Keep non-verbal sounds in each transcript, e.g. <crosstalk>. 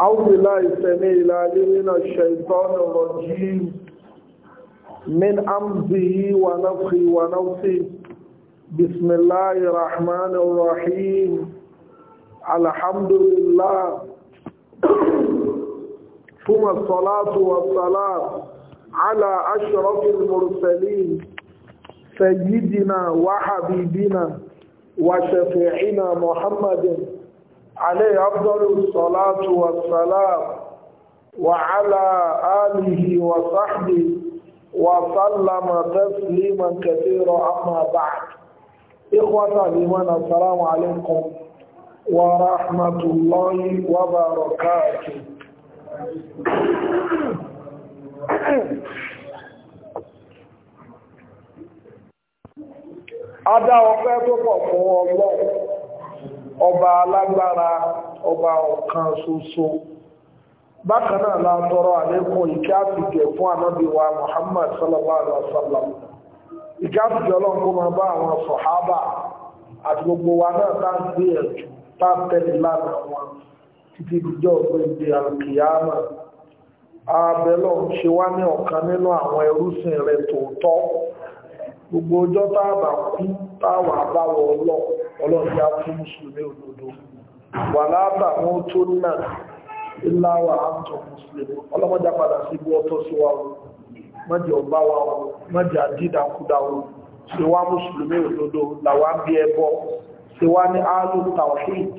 أعوذ بالله السميع العليم من الشيطان الرجيم من أمزه ونفخه ونفسه بسم الله الرحمن الرحيم الحمد لله ثم الصلاة والسلام على أشرف المرسلين سيدنا وحبيبنا وشفيعنا محمد عليه أفضل الصلاة والسلام وعلى آله وصحبه وسلم تسليما كثيرا أما بعد إخوة الإيمان السلام عليكم ورحمة الله وبركاته Adá ọpẹ́ tó pọ̀ fún ọlọ́run. ọba alágbára ọba ọ̀kan soso bákanáà náà la tọrọ àlékún ìkẹ́ àtìkẹ́ fún wa Muhammad sallallahu ìkẹ́ àtìkẹ́ ọlọ́run ma bá àwọn sọ̀hábà àti gbogbo wa náà tá ẹ̀jù lánàá wọn títí gbogbo ọjọ́ a táwà báwọ̀ ọlọ́run yá fún mùsùlùmí òdodo wà láàbà wọn tó nà ìláwà àtọ̀ mùsùlùmí ọlọ́mọdé padà sí ibú ọtọ́ sí wa wọn mọ́jẹ̀ ọba wa wọn mọ́jẹ̀ àdídàkúdà wọn ṣe wá mùsùlùmí òdodo làwọn bí ẹbọ ṣe wá ní áálù tàwíìd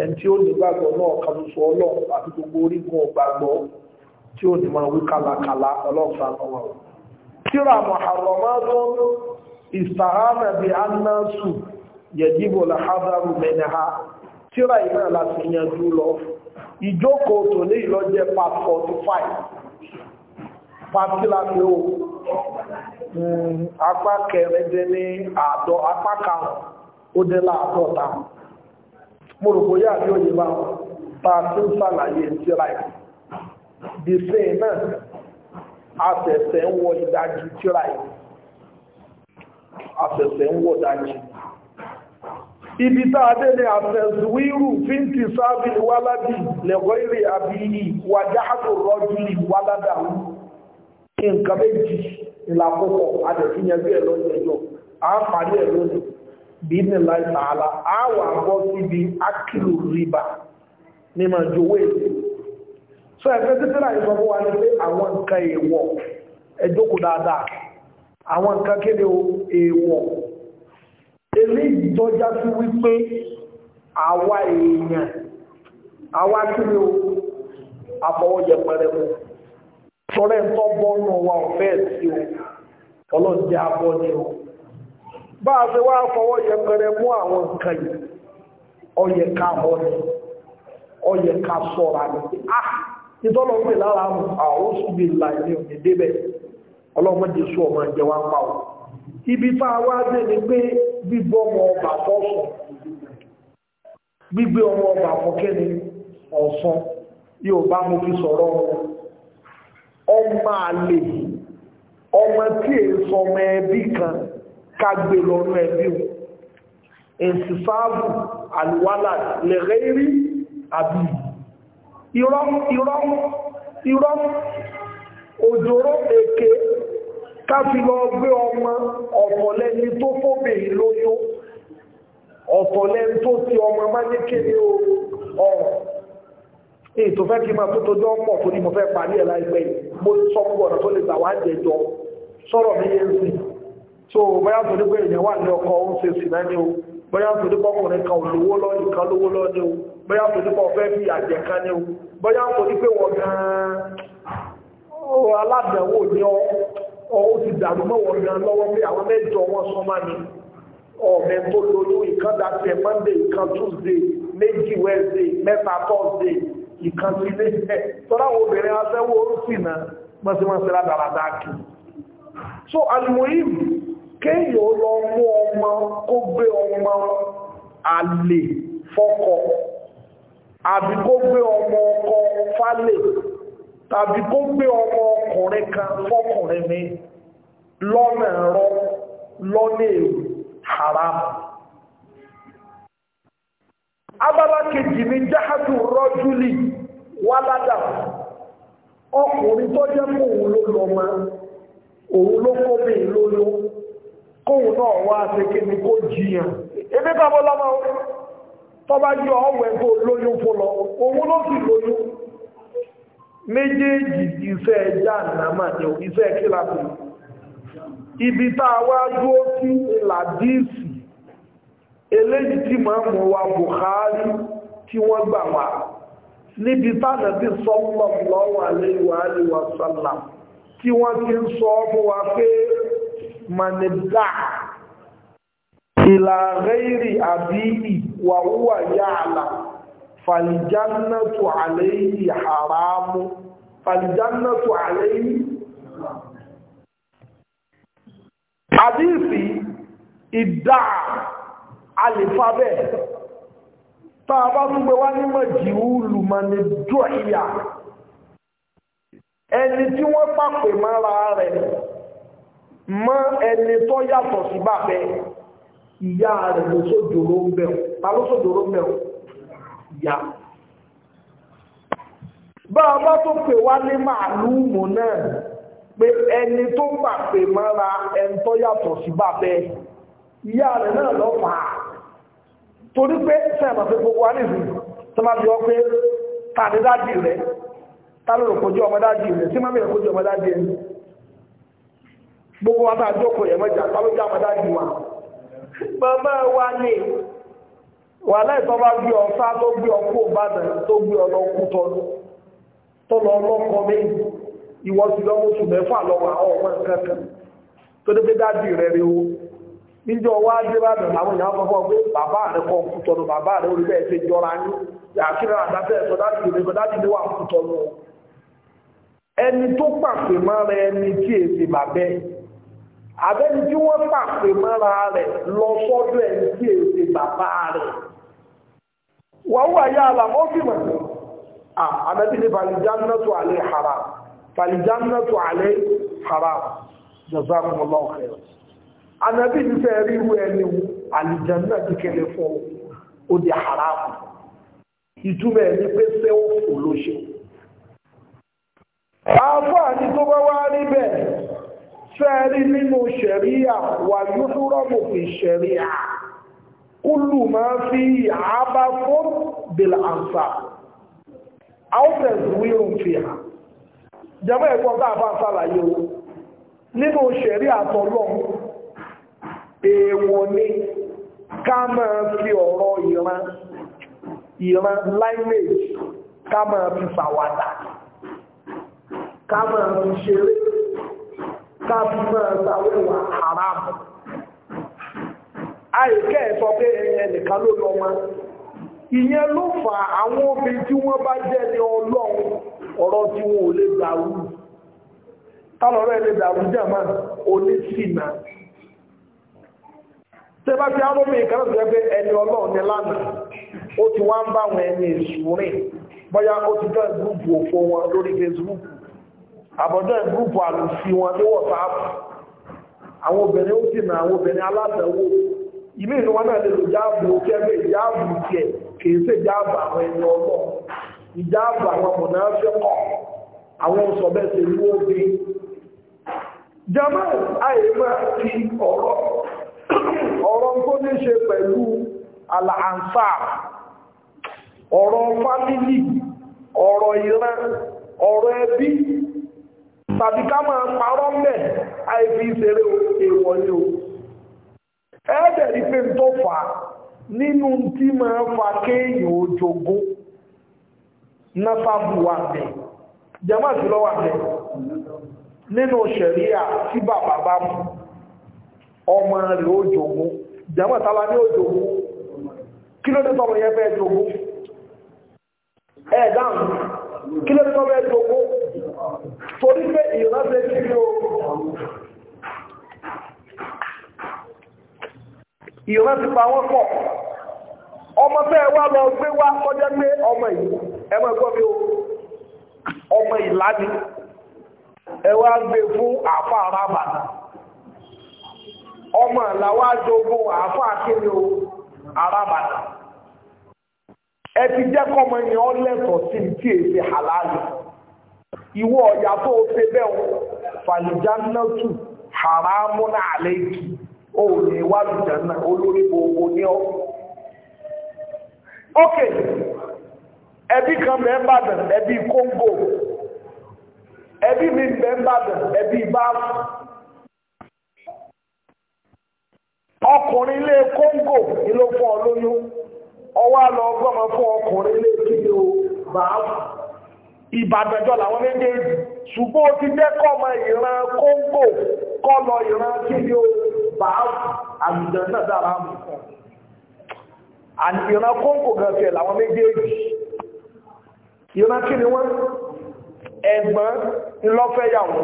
ẹni tí ó ní gbàgbọ́ náà kan sọ ọlọ́run àti gbogbo orígun ọgbàgbọ́ yẹ̀dìbò làhádàrù mẹ́nàá tíra ìmọ̀ láti yanjú lọ ìjókòó tó ní ìlọ́jẹ́ part 45 pàtí láti ó apá kẹrẹ́dẹ́ ní àádọ́ apá kan ó dé láàádọ́ta mo rò bóyá àbí òye bá bá tí ń sàlàyé tíra ìmọ̀ the same náà àṣẹ̀ṣẹ̀ ń wọ ìdájí tíra ìmọ̀ àṣẹ̀ṣẹ̀ ń wọ ìdájí ibi tá a délé àfẹ̀sùwírù fíntì sábì wáládì lẹ̀kọ́ èrè àbí wàjáàtò rọ́júlì wáládà nǹkan méjì ìlàkókò adẹ̀fínyẹgbẹ́ ẹ̀ lọ́jọ́ a parí ẹ̀ lónìí bí ní láì tààlà a síbi akílù rìbà ní ma so ẹgbẹ́ títí láì sọ fún wa ní pé àwọn nǹkan èèwọ̀ ẹjókòó eléyìí tọ́já sí wípé àwa èèyàn àwa kí ni o àfọwọ́jẹ pẹrẹmú sọ́rẹ́ tó bọ́nù wa ọ̀fẹ́ sí o ọlọ́jẹ́ abọ́ ni o bá a ṣe wá fọwọ́jẹ pẹrẹmú àwọn nǹkan yìí ọyẹ ká bọ́ ni ọyẹ ká sọ́ra ni a ah! ìtọ́lọ́ pè lára àwọn oṣù bíi láì ní òní débẹ̀ ọlọ́mọdé sọ ọmọ ìjẹwà pa o ibi tá a wá dé ni pé bíbọ ọmọ ọba fọ́sùn gbígbé ọmọ ọba fọ́kẹ́ni ọ̀sán yóò bá mo fi sọ̀rọ̀ ọmọ àlè ọmọ tí è sọmọ ẹbí kan kágbé lọ́nà ẹbí o ìsìsáàbù àlùwálà lẹ̀rẹ́ rí àbí irọ́ irọ́ irọ́ òjòrò èké káfí lọ gbé ọmọ ọ̀pọ̀lẹ́ni tó fóbìnrin lóyún ọ̀pọ̀lẹ́ni tó ti ọmọ májékèrè ọ̀rọ̀ èyí tó fẹ́ kí máa tó tójọ́ pọ̀ tó ní mo fẹ́ parí ẹ̀ láìpẹ́ mo sọ gbogbo ọ̀nà tó lè gbà wá jẹjọ sọ̀rọ̀ mi yé sí so bóyá tó nígbà èèyàn wà ní ọkọ̀ ó ń ṣe sì náà ni o bóyá tó nígbà ọkùnrin kan olówó lọ nìkan lówó lọ ni o bóyá tó nígbà ọfẹ́ bí àjẹ kan ni o bóyá tó nígbà wọ̀ gan-an aládàáwò ni ọ ó ti dàrú mọ́wọ́ gan lọ́wọ́ pé àwọn mẹ́jọ wọn sọ máa ní ọ̀mẹ́ tó lóyún ìkan dàtẹ̀ monday ìkan tuesday méjì wednesday mẹ́ta thursday ìkan sí ilé ẹ̀ tọ́lá obìnrin afẹ́wọ́ orúsì náà mọ́símọ́sí ládàradà kì so alimoyim kéèyàn lọ mú ọmọ kó gbé ọmọ àlè fọ́kọ àbí kó gbé ọmọ ọkọ fálè tàbí kó gbé ọmọ ọkùnrin kan fọ́kùnrin mi lọ́nà ẹ̀rọ lọ́nà èrò haram abala kejì ni jahadu rọ́júlì wáládà ọkùnrin tó jẹ́ kó òun ló lọ ma òun ló kó mi lóyún náà wá àtẹ́kẹ́ ni kó jiyàn ebí bàbá tó bá yọ ọwọ́ méjèèjì iṣẹ́ jàǹdàmà ni ò iṣẹ́ kíláàsì ibi tá a wá dúró sí làdíìsì eléyìí tí máa mọ̀ wa Bukhari tí wọ́n gbà wá níbi tánàbí sallallahu alaihi wa alihi wa sallam tí wọ́n ti ń sọ fún wa pé manida ila àbí ìwàwúwà yáàlá fàlìjánátù àlẹ́yìí haramu fàlìjánátù àlẹ́yìí àdíìsì ìdá alìfábẹ̀ tàà bá túnbẹ̀ wá ní mọ̀jìúlù mọ̀ ní jọ ìyà ẹni tí wọ́n pàpè mọ́ra rẹ̀ mọ́ ẹni tó yàtọ̀ sí bàbẹ́ ìyá rẹ̀ ló sójòrò ń bẹ̀rù ta ló sójòrò ń bẹ̀rù ya bá a bá tó pè wá ní màálùmù náà pé ẹni tó gbà pè mọ́ra ẹni tó yàtọ̀ sí bàbẹ́ ìyá rẹ̀ náà lọ fà á torí pé sẹ́ẹ̀mọ̀ pé gbogbo wa nìsín tó máa bí ọ pé tàbí dájì rẹ̀ tàbí òkòjú ọmọ dájì rẹ̀ tí máa bí òkòjú ọmọ dájì rẹ̀ gbogbo wa bá a jókòó yẹ̀mọ́jà tàbí ọmọ dájì wa wà láìsọ bá gbé ọ̀sá tó gbé ọkọ̀ ìbàdàn tó gbé ọlọ́kú tọ́lú tó lọ ọlọ́kọ̀ méjì ìwọ sí lọ́mọ́sù mẹ́fà lọ́wọ́ àwọn ọmọ kankan tó dé pé dájú rẹ̀ rí o níjọ wá dé bàdàn àwọn èèyàn fọ́fọ́ pé bàbá rẹ̀ kọ́ kú tọ́lú bàbá rẹ̀ orí bẹ́ẹ̀ ṣe jọra ní àkírà àdáfẹ́ ẹ̀sọ́ dájú rẹ̀ kọ́ dájú níwà kú tọ́lú ẹni tó pàpè mọ́ra ẹni tí èsì bàbẹ́ àbẹ́ni tí wọ́n pàpè mọ́ra rẹ̀ lọ sọ́dọ̀ ẹni tí èsì bàbá rẹ̀ wọ́n wà yá àlà ó fi mọ̀ sí àbẹ́bí ni balijannatu alẹ́ haram balijannatu alẹ́ haram jazakumullahu khairan anabi ni fẹ́ rí irú ẹni tó bá wá rí bẹ́ẹ̀ fẹ́ rí nínú ṣẹ̀ríyà wà yóò fi ṣẹ̀ríyà kúlù máa fi àábá fún bèlà àǹsà outlets wíhùn fi hàn jẹmọ́ ẹ̀kọ́ tá a bá ń sàlàyé o nínú ṣẹ̀rí àtọ́lọ́ èèwọ̀ ni ká máa fi ọ̀rọ̀ ìran ìran lineage ká máa fi ṣàwàdà ká máa fi ṣeré ká fi máa ṣàwẹ́wà haram àìkẹ́ ẹ̀ sọ pé ẹnìkan ló lọ wọn ìyẹn ló fà àwọn obìnrin tí wọ́n bá jẹ́ ní ọlọ́run ọ̀rọ̀ tí ò lè dàrú dàrú onísìnà bá ti arọ́mì ìkàrà tó jẹ́ pé ẹni ọlọ́run ní lánàá ó ti wá ń bá àwọn ẹni èṣù rìn ó ti dán gúrùpù òfò wọn lórí gúrùpù ilé ìlú wọn náà lè lò jáàbù kẹfẹ ìjáàbù tiẹ̀ kìí ṣe jáàbù àwọn ẹni ọlọ ìjáàbù àwọn mọnàfẹkọ àwọn sọbẹsẹ ìlú òbí jamal àyèmọ ti ọ̀rọ̀ ọ̀rọ̀ tó ní ṣe pẹ̀lú àlàáńsà ọ̀rọ̀ fámílì ọ̀rọ̀ ìran ọ̀rọ̀ ẹbí tàbí ká máa parọ́ mẹ́ àìfi ìṣeré èèwọ̀ ni o ẹ̀ẹ́dẹ̀ rí pé tó fà á nínú tí máa fa kéèyàn ojogún náfàbù wà bẹ̀ jẹ́mọ́ sí lọ́wọ́ bẹ̀ nínú ṣẹ̀ríà tí bàbá bá mú ọmọ rẹ̀ ojogún jẹ́mọ́ tàbá ní ojogún kí ló dé tọ́mọ yẹn fẹ́ jogún ẹ̀ẹ́dà kí ló dé tọ́mọ yẹn jogún torí pé ìránṣẹ́ ìran ti pa wọ́n pọ̀ ọmọ tẹ́ ẹ wá lọ gbé wá kọjá pé ọmọ yìí ẹ máa gbọ́ mi o ọmọ ìlà ni ẹ wá gbé fún àfa rábà ọmọ làwọn àjogún àfa akéde o àrábà ẹ ti jẹ́ kọ́mọ yẹn ọ lẹ́tọ̀ọ́ sí ti èsì halali ìwọ ọ̀yà tó o ṣe bẹ́ẹ̀ o fàlìjánátù haramun alayki. o ni olórí gbogbo ok ẹbí kan bẹ́ẹ̀ ẹbí kóńgò ẹbí mi bẹ́ẹ̀ ẹbí báàfù ọkùnrin ilé kóńgò ló fún ọ lóyún ọwọ́ àlọ́ ọgọ́mọ fún ọkùnrin ilé kílò báàfù ìbàdànjọ làwọn méjèèjì ṣùgbọ́n ti jẹ́ báàbù àlùjẹ náà dára mú fún àti ìran kóńkò gan tiẹ̀ làwọn méjèèjì ìran kí ni wọ́n ẹ̀gbọ́n ńlọ́fẹ́yàwó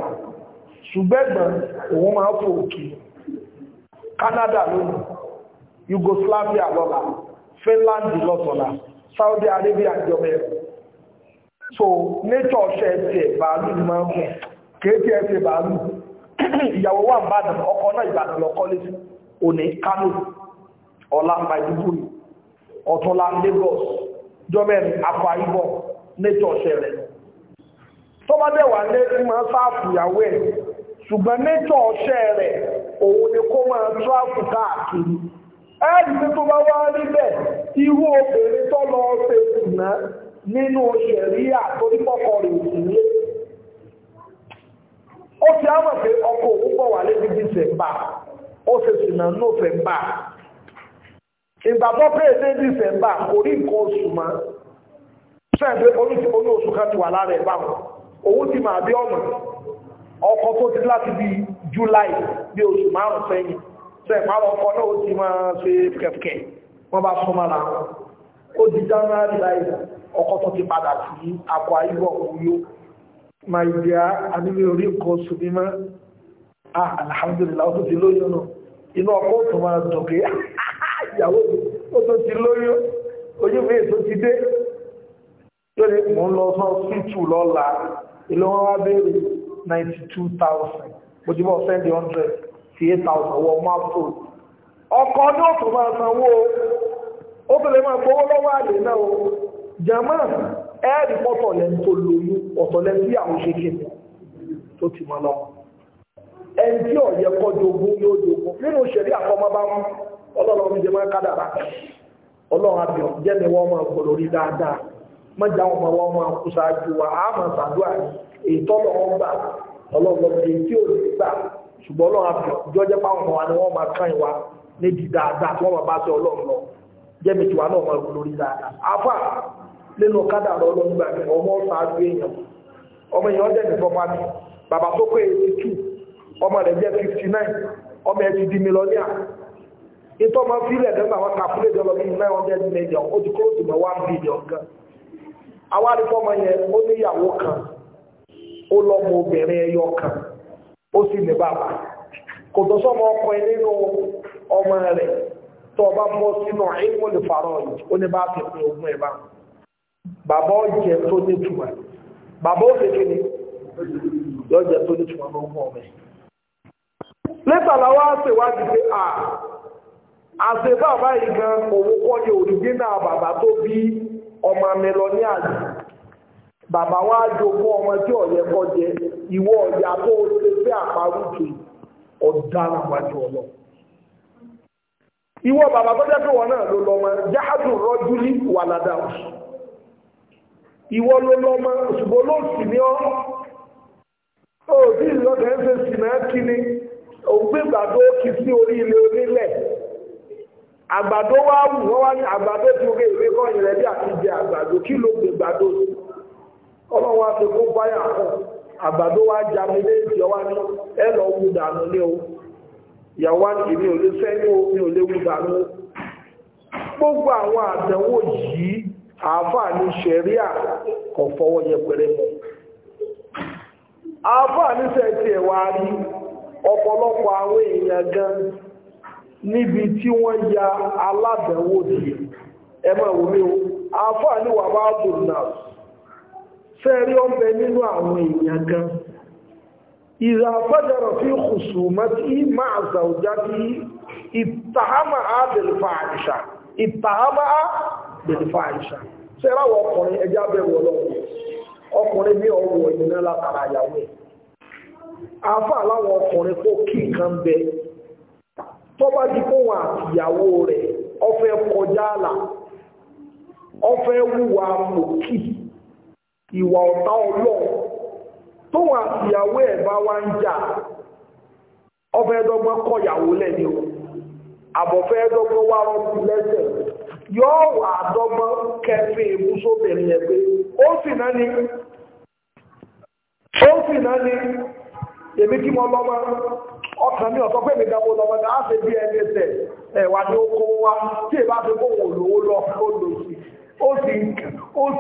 ṣùgbẹ́gbọ́n òun máa fò òkè Canada lónìí Yugoslavia lọ́la Finland lọ́sọ̀la Saudi Arabia jọba ẹ̀rọ so nature ṣe ẹ̀sẹ̀ bàálù ni máa ń fún kéèké ẹ̀sẹ̀ bàálù ìyàwó wà ń bá dàn ọkọ náà ìbàdàn lọ kọ́lé òní Kánò ọ̀la Maiduguri ọ̀túnla Lagos jọ́mẹ́rin Akwa Ibom nẹ́tọ̀ ṣẹlẹ̀ tó bá dẹ̀wà lé máa sáàfù ìyàwó ẹ̀ ṣùgbọ́n nẹ́tọ̀ ṣẹ́ rẹ̀ òun ni kó máa tráfù káàkiri ẹ́ẹ̀dì tó bá wá níbẹ̀ irú obìnrin tó lọ ṣe ìná nínú ṣẹ̀ríyà torípọ̀kọ̀ rẹ̀ òsì ó fi á mọ̀ pé ọkọ̀ òun bọ̀ wà lébi dísẹ̀mbà ó ṣe sìnà nọ́fẹ̀mbà ìgbà tó pé èdè dísẹ̀mbà kò rí nǹkan oṣù mọ́ sẹ́ẹ̀fẹ́ oníṣẹ́ oní oṣù ti wà lára ẹ̀ báwọn òun ti máa bí ọ̀nà ọkọ̀ tó ti láti bí July bí oṣù márùn sẹ́yìn sẹ́ẹ̀fẹ́ àwọn ọkọ̀ náà ó ti máa ṣe kẹ̀kẹ́ wọ́n bá súnmọ́ ara wọn ó di January láì ọkọ̀ tó ti padà sí akọ ayébọ̀ òun ma dear a orí nǹkan ma ah alhamdulilah ó tó ti lóyún nù inú ọkọ̀ òtún máa dùn <laughs> ìyàwó ó tó ti lóyún ojú mi èso ti dé lórí mò ń lọ sọ síìtù lọ́la ìlú wọn wá béèrè ninety two thousand ojúbọ seventy hundred sí eight thousand wọ ọkọ máa sanwó tó lè máa gbowó o jàmáà. ẹ́ẹ̀rì pọ́tọ̀ lẹ́nu tó lóyún ọ̀tọ̀ lẹ́nu bí àwọn ṣe kéde tó ti mọ́ lọ. ẹni tí ọ̀yẹ́ kọ́ jogún yóò jogún nínú ìṣẹ̀rí àkọ́mọ́ bá wọn ọlọ́run mi jẹ máa kádàrà ọlọ́run jẹ́mi wọ́n máa dáadáa mọ́jà wọn máa wọ́n máa kú ṣáájú wa á máa èyí gbà ọlọ́run èyí tí ò gbà ṣùgbọ́n ọlọ́run nínú kádàrá ọlọ́gbà mi ọmọ ṣáájú èèyàn ọmọ èèyàn dẹ̀ ní property bàbá tó pé eighty two ọmọ rẹ̀ jẹ́ fifty nine ọmọ ẹ̀ ti di mílíọ̀nìà ìtọ́ ọmọ fílẹ̀ dẹ́gbà wọn kàfúlẹ̀ jọ nine hundred million ó ti one billion gan yẹn ó níyàwó kan ó obìnrin ẹyọ kan ó sì ní bàbá kò tó ọkọ rẹ̀ tó ọba sínú yìí bàbá ọjẹ tó ní tùmọ̀ bàbá òfin kí ni lọ́jẹ̀ tó ní tùmọ̀ ló ń mọ̀ ọ̀mẹ́. lẹ́tà làwọn àṣewádìí pé à àṣẹ bàbá yìí gan òun kọ́ ni bàbá tó bí ọmọ mẹlọ́níàjì bàbá wa jogún ọmọ tí ọ̀yẹ́ kọ́ jẹ ìwọ ọ̀yà tó o ṣe ọlọ. ìwọ bàbá tó jẹ́ pé wọn náà ló jáàdùn wàládà ìwọ ló lọ́mọ ṣùgbọ́n ló sì ní ọ́ ó bí ìlọ́dẹ̀ ń ṣe sì náà kí ni òun gbé gbàdó kí sí orí ilé onílẹ̀ àgbàdo wá wù wọ́n wá ní àgbàdo tí ó gé ìwé kọ́ ìrẹ́ bí àti jẹ àgbàdo kí ló gbé gbàdo sí ọlọ́wọ́ á fi kún fáyà fún àgbàdo wá já mi léèdì ọwá ní ẹ lọ wù dànù ní o ìyàwó àti mi ò lè fẹ́ ní o ò lè wù dànù gbogbo àwọn àdánwò yìí a ní ṣẹ̀ríà kò fọwọ́ yẹpẹrẹ mọ́ àáfàá ní sẹ́ẹ̀tì ẹ̀wà rí ọ̀pọ̀lọpọ̀ ọpọlọpọ ahụ gan níbi tí wọ́n ya aládẹ̀wò dì ẹmọ̀ ìwòmí o àáfàá ní wàbá àbùnà sẹ́ẹ̀rí ọ̀bẹ nínú àwọn èèyàn fi bẹ̀rẹ̀ fún àìsàn ṣé ráwọ̀ ọkùnrin ẹjẹ́ abẹ́rù ọlọ́run ọkùnrin ní ọwọ́ látara ìyàwó ẹ ọkùnrin kí bẹ àti ìyàwó rẹ̀ kọjá àlà wúwa ìwà ọ̀tá wá ń jà ọfẹ́ lẹ́ni o àbọ̀fẹ́ yóò wà àdọ́gbọ́n kẹfẹ́ ìbú sóbìnrin ẹ̀ pé ó sì náà ni ó sì náà ni èmi kí mo lọ́mọ ọkàn mi ọ̀sọ́ pé mi lọ́mọ náà ṣe bí ni tí èbá fi kó lówó lọ ó lò sí ó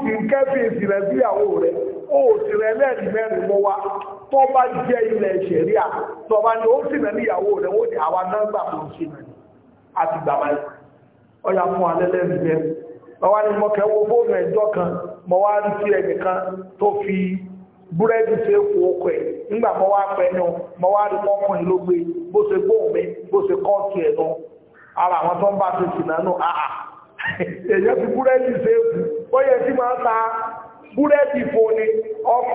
sì ń kẹ́fẹ́ ìsìnrẹ́ síyàwó rẹ̀ ó sì rẹ̀ lẹ́ẹ̀dì mẹ́rin mọ́ wa tó bá jẹ́ ilẹ̀ ọya fún alẹ́lẹ́ ìgbẹ́ lọ́wọ́ ni mo kẹwọ́ fóònù ẹjọ́ kan mo wá rí sí ẹnìkan tó fi búrẹ́dì sí ẹ̀ nígbà rí mọ́kùnrin ló gbé bó ṣe bó ṣe ẹ̀ lọ ara àwọn tó ń bá ṣe àà fi búrẹ́dì ó yẹ kí máa ta búrẹ́dì wọ́n ọwà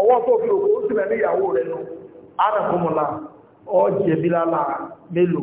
ọwọ́ tó fi òkú ó sì mẹ́ níyàwó rẹ̀ nù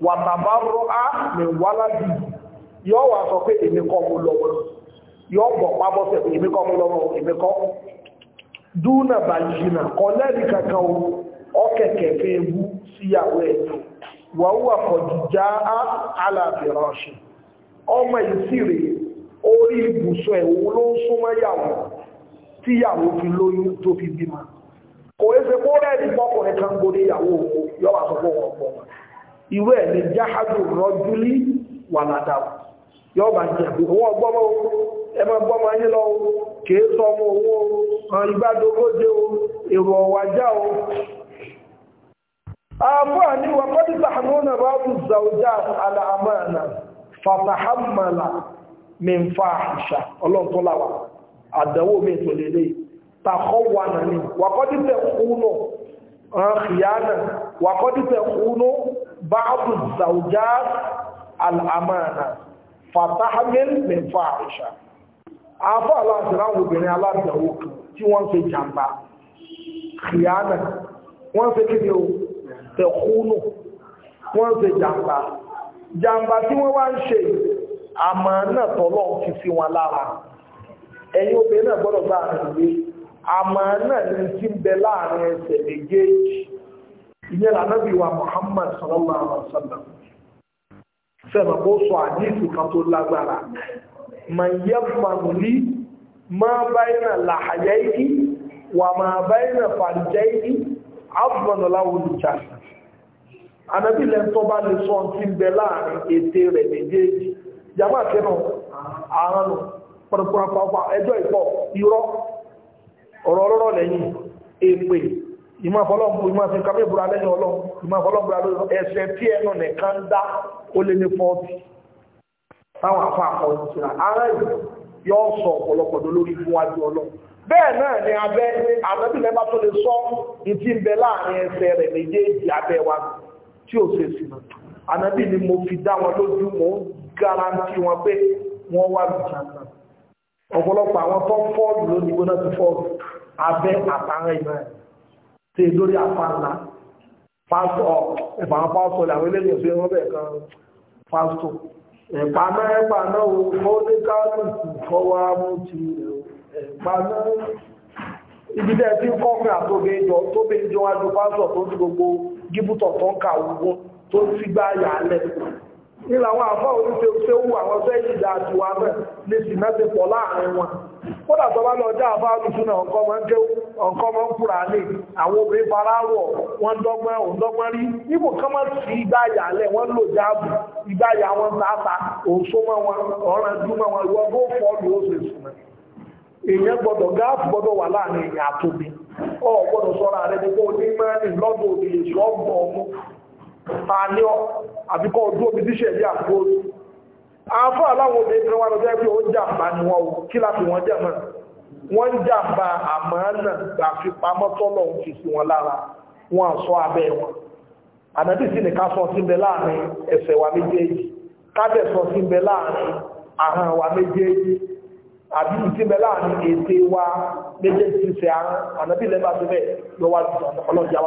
wàtàbá rọ á mi wálá bì yọ wà sọ pé èmi kọ́ mo lọ wọn yọ bọ̀ pábọ́sẹ̀ pé èmi kọ́ mo lọ wọn èmi kọ́ dúnà bàjìnà kọ́ lẹ́rìí kankan o ọkẹ̀kẹ̀ fẹ́ ewu síyàwó ẹ̀ wà wà kọjú já á alábẹ̀rẹ̀ ọ̀ṣẹ̀ ọmọ ìsìrè orí irú ẹ̀ ní jáhádù rọ́júlí wà ládàwù yọ́ bá jẹ̀bù owó ọgbọ́mọ́ ẹmọ ọgbọ́mọ́ ayé lọ kìí sọ ọmọ owó kan ìgbádogójé o èrò ọ̀wàjá o àfáà ní wà pọ́tí tàhánúnà bá bù zàújá aláàmàna fàtàhámàlà mẹ́fà àṣà ọlọ́ntọ́láwà àdánwò mẹ́tọ̀lẹ́lẹ́ báàbù zàwùjá alàmàna fàtàhámẹ́lì mẹ́fà àìṣà àfọ́ aláàtìrá àwọn obìnrin aláàtìwò kan tí wọ́n ṣe jàmbá kìíyànà wọ́n ṣe kí ni o tẹ̀kúnù wọ́n ṣe jàmbá jàmbá tí wọ́n wá ń ṣe àmà tọ́lọ́ ti fi wọn lára ẹ̀yin obìnrin náà gbọ́dọ̀ ìyẹn lànàbí wa Muhammad sallallahu alaihi wa sallam sẹ́nà ó sọ àdíìsì kan tó lágbára mà yẹ fàmùlí máa báyìí làhàyà ìdí wà máa báyìí fàrìjẹ́ ìdí àfọ̀nàláwò nìjà ànàbí lẹ́tọ́ bá lè sọ ti ń bẹ láàrin ètè rẹ̀ méjèèjì jàmá kẹ́nà àárán nù ẹjọ́ ìpọ̀ irọ́ ọ̀rọ̀ ọlọ́rọ̀ lẹ́yìn èpè ìmọ̀ àfọlọ́gbò ìmọ̀ àfi nǹkan mẹ́bùra lẹ́yìn ọlọ́ ìmọ̀ àfọlọ́gbò lẹ́yìn ẹsẹ̀ tí ẹnu nìkan dá ó lé ní fọ́ọ̀tì táwọn afọ àkọ́ ìtura ara yóò sọ ọ̀pọ̀lọpọ̀ lórí fún wájú ọlọ́ bẹ́ẹ̀ náà ni abẹ́ àbẹ́bí lẹ́bà tó lè sọ ìtì ń bẹ láàrin ẹsẹ̀ rẹ̀ méjèèjì abẹ́ wa tí ò ṣe sí náà ànábì ni mo fi dá wọn lójú mò ń garanti wọn pé wọ́n wà lùjàǹdà ọ̀pọ̀lọpọ̀ àwọn tó fọ́ọ̀lù lónìí gbóná ti fọ́ọ̀lù abẹ́ àtàrà ìmọ̀ ẹ̀ ṣe lórí afárá pásọ ẹ̀fà pásọ làwọn eléyìí ṣe wọ́n bẹ̀ kan pásọ ẹ̀pàná ẹ̀pàná o mọ́níkálùkù fọwọ́ amúti ẹ̀pàná ibi tẹ́ tí kọ́kùnrin àtòbí ìjọ tó bí ìjọ wájú pásọ tó ti gbogbo gíbútọ̀ tó ń kà ogun tó ti gbá yà á lẹ́kùn nílà àwọn àfọ́ oníṣẹ́ oṣẹ́ wù àwọn ṣẹ́ ìjà àti wà náà lè sì náà pọ̀ láàrin wọn kódà tó lọ já àfá lùsùn náà ń kúrà ní àwọn obìnrin fara rọ̀ wọ́n dọ́gbọ́n rí sí ìgbáyà wọ́n lò jáàbù ìgbáyà wọn tààtà òṣó wọn ọ̀ràn tààlé ọ àbíkọ́ ojú omi tí ṣẹ̀lẹ̀ àkóòrò afọ́ aláwọ̀ obìnrin tí wọ́n lọ́jọ́ pé ó jàmbá ni wọ́n ò kí láti wọ́n jẹ́ mọ́ wọ́n jàmbá àmọ́nà gbà fi pamọ́ tọ́lọ̀ ń fi sí wọn lára wọn àṣọ abẹ́ wọn ànábì sì ní ká sọ sí bẹ láàrin ẹsẹ̀ wa méjèèjì kábẹ̀ sọ sí àbí ìtí bẹ láàrin ètè wa méjèèjì ti ṣe ahọ́n lẹ́bàá tó bẹ́ẹ̀ lọ́wọ́ àdìsàn ọlọ́jà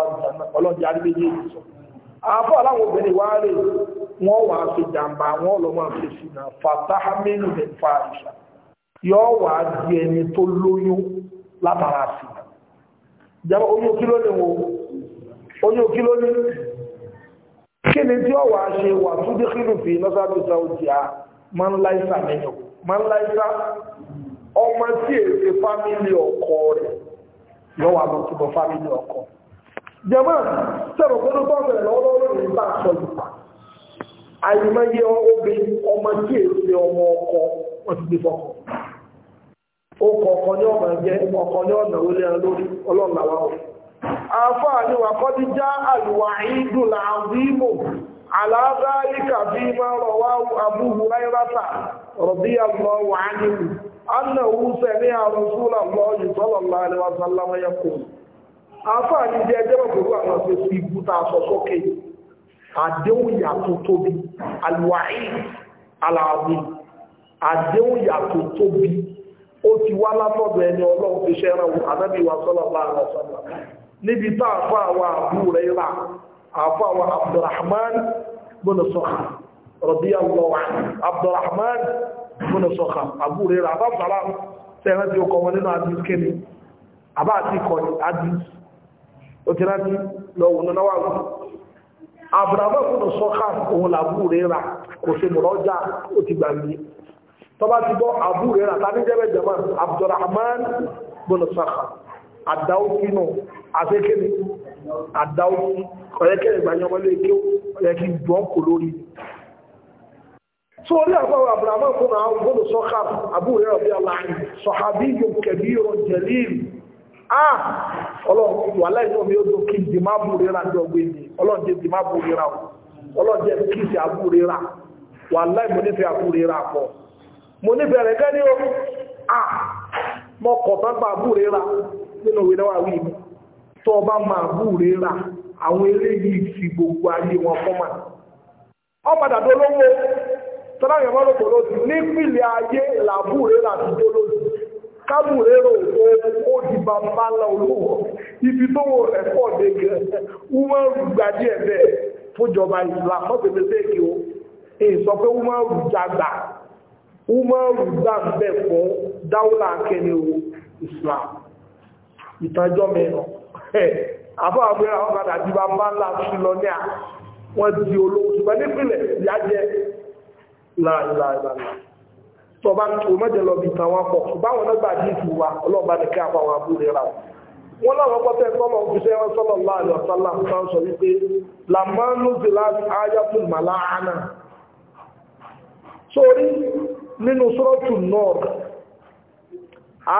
ọlọ́jà àdìsàn méjèèjì sọ̀rọ̀ àbọ̀ aláwọ̀ obìnrin wá rè wọ́n wà á fi jàǹbá wọ́n lọ máa fi sí náà fatahamilu ní fàáṣà yóò wà á di ẹni tó lóyún látara sí i jẹ́wọ́ oyún kí ló ní wo oyún kí ló ní kí ni tí ó wà á ṣe wà tún dé kí lùfì lọ́sàbí saudi a máa ń láìsà nìyàn máa ń láìsà ọmọ tí èsè fámìlì ọkọ rẹ̀ yóò wà lọ túbọ̀ fámìlì jẹ́mọ́ sẹ́rọ̀ kó ló tọ́sẹ̀rẹ̀ lọ́wọ́lọ́wọ́ sọ ìpa ma obì ọmọ tí O ọmọ ọkọ wọn ti o fọkọ ọkọ ọkọ ní o ni wà kọ́ ti já àlùwà ìdùn làbímù àlàáfáàlìkà bí máa rọ̀ wá abúhu láìráta rọ̀bí àlọ́ wà á nínú annahu sami'a sallallahu alaihi wasallam àǹfààní jẹ́ ẹjẹ́ mọ̀gbẹ̀rú àwọn ṣe sí ibú tá a sọ sókè àdéhùn ìyà tó tóbi alùwàáyì aláàbí àdéhùn ìyà tó tóbi ó ti wá látọ̀dọ̀ ẹni ọlọ́run fi ṣe ẹran ànábì wa sọ́lá Abdurrahman bọ́nà sọ́kà Abdurrahman bọ́nà sọ́kà àbú rẹ̀ rà àbá fàlà sẹ́yìn láti ọkọ̀ wọn nínú àdìs kéde àbá ó ti rántí lọ́wọ́ nínú wà wù àbùràbà kùnú sọ́kà òun làbú rẹ̀ rà kò sí mọ̀rọ́jà ó ti gbàgbé tọ́ba ti bọ́ àbú rà tani jẹ́ bẹ́ẹ̀ jama Abdurrahman bọ́lá sọ́kà àdáwókì nù àfẹ́kẹ́ni àdáwókì ọ̀yẹ́kẹ́ ìgbàyànwọlé kí ọ̀yẹ́kì gbọ́n kò lórí tí orí àgbàwà Abdurrahman kùnú àwọn bọ́lá sọ́kà àbú rẹ̀ rà bí aláàrin sọ̀hábí yóò kẹ̀bí rọ̀ ah ọlọ́run wà láìsàn mi ó dùn kí ìdì má bù rírà ní ọgbẹ́ dị ọlọ́run jẹ́ ìdì má bù rírà o ọlọ́run jẹ́ kí ìdì àbù wà pọ̀ mo nífẹ̀ẹ́ rẹ̀ ah pa nínú wí mi tó ọba máa àwọn eléyìí gbogbo ayé wọn ọ padà dolówó tọ́lá yẹn mọ́ lóko lóṣù ayé kábù rérò ó di bàbá ńlá olówó ibi tó wò rẹ̀ pọ̀ dé gẹ̀ wọ́n gbà díẹ̀ bẹ́ẹ̀ fúnjọba ìlà mọ́tẹ̀lẹ́ bẹ́ẹ̀kì o èyí sọ pé wọ́n rù jàgbà wọ́n rù gbà bẹ́ẹ̀ fún dáwọ́lá akẹni o Islam ìtànjọ́ mẹ́rọ àbọ̀ àgbẹ̀rẹ̀ àwọn padà di bàbá ńlá sí lọ ní à wọ́n di olówó ṣùgbọ́n nípìnlẹ̀ ìyá jẹ́ tọba tó mẹ́jọ lọ bí tàwọn pọ̀ báwọn náà gbà dìtì wa ọlọ́ọ̀bá ní ká àwọn abúlé ra wọn láwọn pọ́tẹ́ sọ́mọ òfìsẹ́ wọn sọ́mọ láàlú ọ̀sánlá sáà sọ wípé lamanu zilas ayatul malahana sórí nínú sọ́rọ́tù náà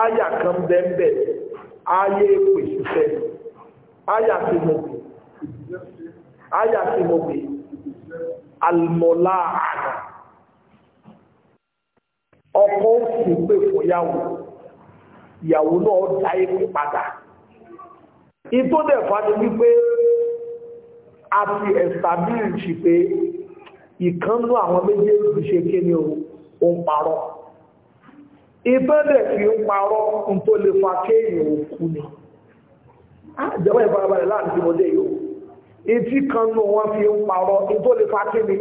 aya kan bẹ́ẹ̀ ayé èpè ṣiṣẹ́ aya ti mo pè aya ti mo pè almọ̀láàna ọkọ òfin pè fún yàwó ìyàwó náà dá èpè padà ìtò dẹ̀ fani wípé a ti ẹ̀sàbílìṣì pé ìkánnú àwọn méjèèjì ṣe kéde o ń parọ́ ìtò dẹ̀ fi ń parọ́ ń tó lè fa kéèyàn òkú ni àjẹmọ́ ah, ìfarabalẹ̀ láti fi mọ́dé yìí o etí kan fi ń parọ́ ń tó lè fa kéèyàn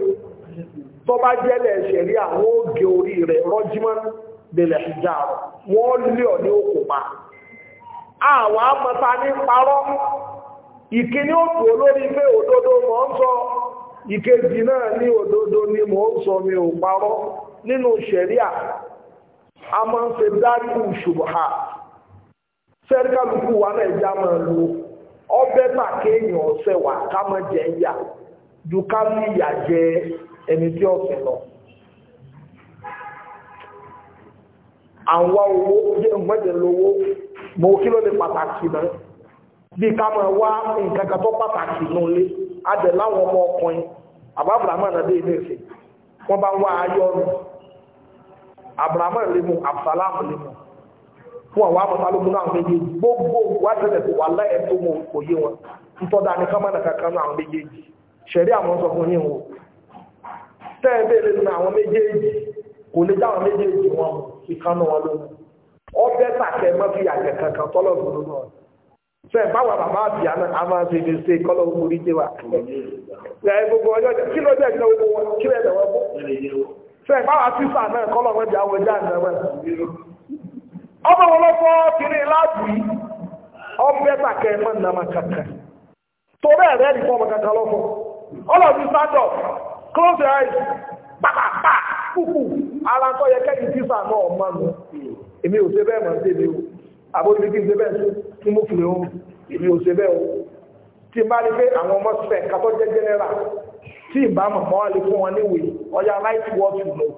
tó bá jẹ́lẹ̀ ṣẹ̀rí àwọn oge orí rẹ̀ rọ́jímọ́ délẹ̀ ìjà wọ́n lé ọ̀ ní òkú àwọn amọ̀ta ní parọ́ ìkíní òkú olórí pé ń sọ ìkejì náà ní òdodo ni mọ̀ ń sọ mi ò parọ́ nínú a ń sẹ́ríkàlùkù máa lo ọbẹ̀ tàkéèyàn ọ̀sẹ̀ wà ká ìyà ẹni tí ọ̀fẹ́ lọ àwọn owó jẹ́ mọ́jẹ̀ lówó mo kí ló lè pàtàkì náà bí ká máa wá nǹkan kan tó pàtàkì nù lé adẹ̀ láwọn ọmọ ọkùnrin àbá abrahamu ànàdé ilé ìfẹ́ wọ́n bá ń wá ayọ́ nù abrahamu lè mú absalam lè mú fún àwọn amọ̀tálógún náà méjèèjì gbogbo wájúlẹ̀ tó wà láyẹ̀ tó mọ̀ kò yé wọn ń tọ́da ní kámánà kankan náà méjèèjì ṣẹ̀rí àwọn sọ fún yín o tẹ́ ebe ele lẹ́nu àwọn méjèèjì kò lè dáwọn méjèèjì wọn ìkànnà wọn lónìí ọbẹ̀ tàkẹ́ mọ́ fi àjẹ kankan tọ́lọ̀ dúró náà sẹ báwa bàbá àti àná a ṣe ṣe kọlọ wa gbogbo ọjọ́ kí ló wọn kí wọn báwa náà kọlọ wọn jẹ àwọn kiri nàmà kankan ọmọ kankan close your eyes pàpàpà kúkú ara tó yẹ kẹ́kì tíṣà náà mọ́ mi èmi ò ṣe bẹ́ẹ̀ mọ̀ sí èmi o àbójú kí n ṣe bẹ́ẹ̀ tí mo fi o èmi ò ṣe bẹ́ẹ̀ o tí n bá rí pé àwọn ọmọ sẹ̀ kátó jẹ́ jẹ́nẹ́rà tí n bá mọ̀ mọ́ wá lè fún wọn níwèé ọya right word to know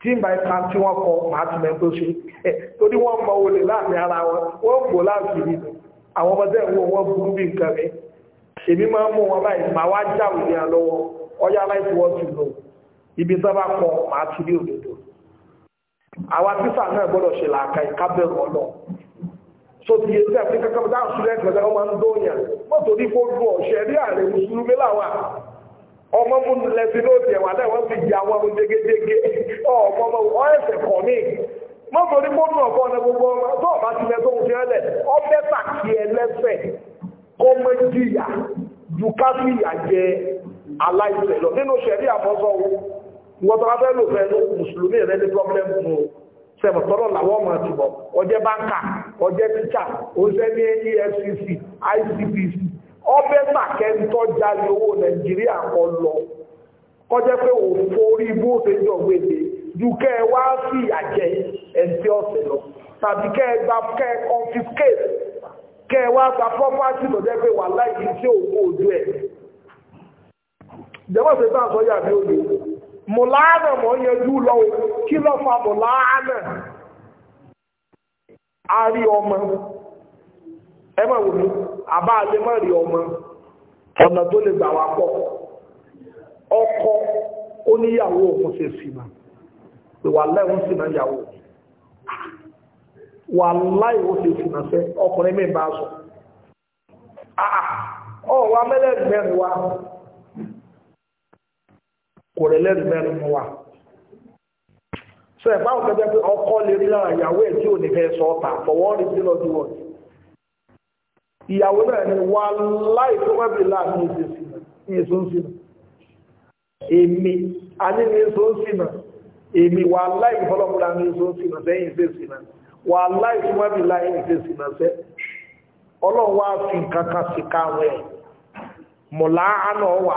tí n bá ka tí wọ́n kọ màá ti mẹ́tò ṣe ẹ̀ torí wọ́n mọ olè láàrin ara wọn wọ́n kò láàrin àwọn ọmọdé ìwọ̀n wọn burú bí nǹkan rẹ̀ èmi máa ń mú wọn báyìí màá wá jáwèé lọ́wọ́ ọya láìsí wọ́n ti lò ibi tó bá kọ máa ti rí òdodo àwa tíṣà náà gbọ́dọ̀ ṣe làákà ìkábẹ̀rù ọlọ́ so ti yé sí àti kankan dáhùn sílẹ̀ ẹ̀kọ́ ọmọ ń dóyàn mọ́tò ní kó dùn ọ̀ṣẹ́ rí ààrẹ mùsùlùmí láwà ọmọ mú lẹ́sí lóòtì ẹ̀wà náà wọ́n fi jẹ àwọn ọmọ jégéjégé ọmọ ọmọ ẹ̀sẹ̀ kọ̀ mí mọ́tò ní kó dùn ọ̀kọ́ ọ̀nà gbogbo ọmọ tó ọ̀bá ti lẹ́sọ̀ òun fi rẹ́lẹ̀ ọbẹ̀ tàkì ẹlẹ́sẹ̀ kọ́mọ jìyà ju ká fi ìyà jẹ aláìsẹ̀ lọ nínú ṣẹ̀rí àfọ́sọ́ wọ́n tó bá fẹ́ lò fẹ́ ló mùsùlùmí rẹ ní problem fún o sẹ̀mọ̀ tọ́lọ̀ làwọn ọmọ ti bọ̀ ọjẹ́ báńkà ọjẹ́ tíṣà oṣẹ́ ní EFCC ICPC ọbẹ̀ pàkẹ́ńtọ́ jalè owó Nàìjíríà kọ lọ kọjẹ́ pé òfò orí ibú òṣèjọ́ gbèdè ju kẹ́ ẹ wá sí àjẹ ẹ̀ǹtí ọ̀sẹ̀ lọ tàbí kẹ́ ẹ gba kẹ́ ẹ confiscate kẹ́ ẹ wá gba property tó jẹ́ pé wà láì jẹ́wọ́ sí bá sọ yà bí olè mùláánà mọ̀ ń yẹjú lọ kí ló fa mùláánà a rí ọmọ ẹ má wò mí àbá alẹ́ má rí ọmọ ọ̀nà tó lè gbà wá pọ̀ ọkọ oníyàwó òun ṣe sì mà pé wà láìwọ́n sì náà yàwó wà láìwọ́n ṣe sì fẹ́ ọkùnrin mi bá sọ ọ̀wà mẹ́lẹ́gbẹ̀rin kò rẹ̀ mẹ́rin so ẹ̀bá òkè pé ọkọ lè rí lára ìyàwó ẹ̀ tí ò ní fẹ́ sọ ọ̀tà fọwọ́ rí sí lọ́dún wọn ìyàwó náà ni wà láì tó wẹ́bì láàrin èsì sínú ní èso ń sínú èmi a ní èso ń sínú èmi wà láì fọlọ́mùlà ní èso ń sínú sẹ́yìn èsì sínú wà láì tó wẹ́bì fi nǹkan kan mọ̀lá àná wà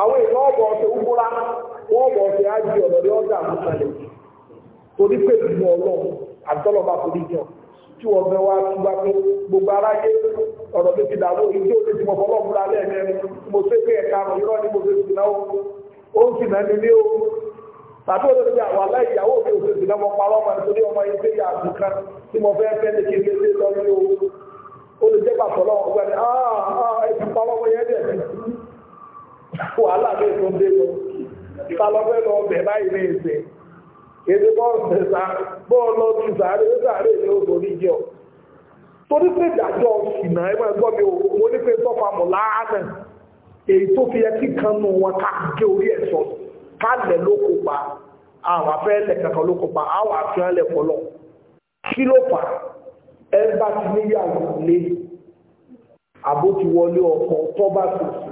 àwọn èèyàn ọ̀bọ̀ ọ̀sẹ̀ wúkúrá wọ́n ọ̀bọ̀ ọ̀sẹ̀ á di ọ̀dọ̀ ní torí pé ìlú ọlọ́run àtọ́lọ́ba kò ní jẹun tí wá wá pé gbogbo aráyé ọ̀rọ̀ mi ti dàrú èyí tí ó ti ti mọ̀ mo ṣe pé ẹ̀ka àrùn irọ́ ni mo ṣe sì ó ń ní o tàbí àwọn mi ò náà mo ọmọ ọmọ kan tí mo wàhálà ní ètò ń dé lọ ìtàlọ́fẹ́ lọ ọbẹ̀ báyìí ní ìsẹ̀ èdè bọ́ọ̀lù ti sàárè sàárè ní oṣù oníjẹ́ ọ torí pé ìdájọ́ ìnà ẹgbẹ́ ẹgbọ́ mi ò mo ní pé tọ́fà mọ̀ láàánà èyí tó fi yẹ kí kan nù wọn ká gé orí ẹ̀ sọ kálẹ̀ ló kó pa àwọn afẹ́lẹ̀ kankan ló kó pa àwọn àfihàn lẹ̀ fọlọ́ kí ló fà ẹ bá ti níyàwó lé àbó ti wọlé ọkọ tó bá sòsì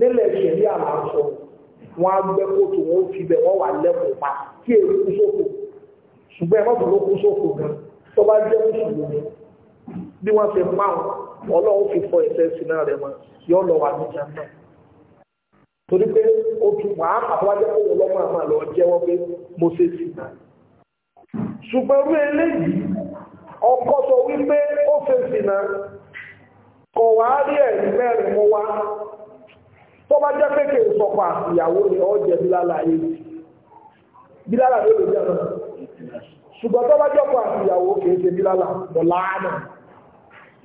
nílẹ̀ ìṣẹ̀lẹ̀ àlàáfọ̀ wọn á gbẹ́ kóòtù wọn ó fi bẹ̀ wọ́n wà lẹ́kọ̀ọ́ pa kí èrò kú sófò ṣùgbọ́n ẹ̀ mọ́tò ló kú sófò gan tó bá jẹ́ mùsùlùmí bí wọ́n ṣe pa wọn ọlọ́run fi fọ ẹ̀sẹ̀ sí náà rẹ̀ mọ́ yọ lọ wà ní jàmbá torí pé ó tún wàá àbáwájẹ́ kó wọn lọ́mọ àmà lọ jẹ́wọ́ pé mo ṣe sí náà ṣùgbọ́n irú eléyìí ọkọ sọ wípé ó ṣe sí náà kọ̀ wá rí ẹ̀rí mẹ́rin mú wá tó bá jẹ́ pé kèé sọ̀kọ̀ àtìyàwó ni ọ́ jẹ́ bílálà yìí bílálà ló lè jẹ́ náà ṣùgbọ́n tó bá jọ́kọ̀ àtìyàwó kèé ṣe bílálà bọ̀láàmù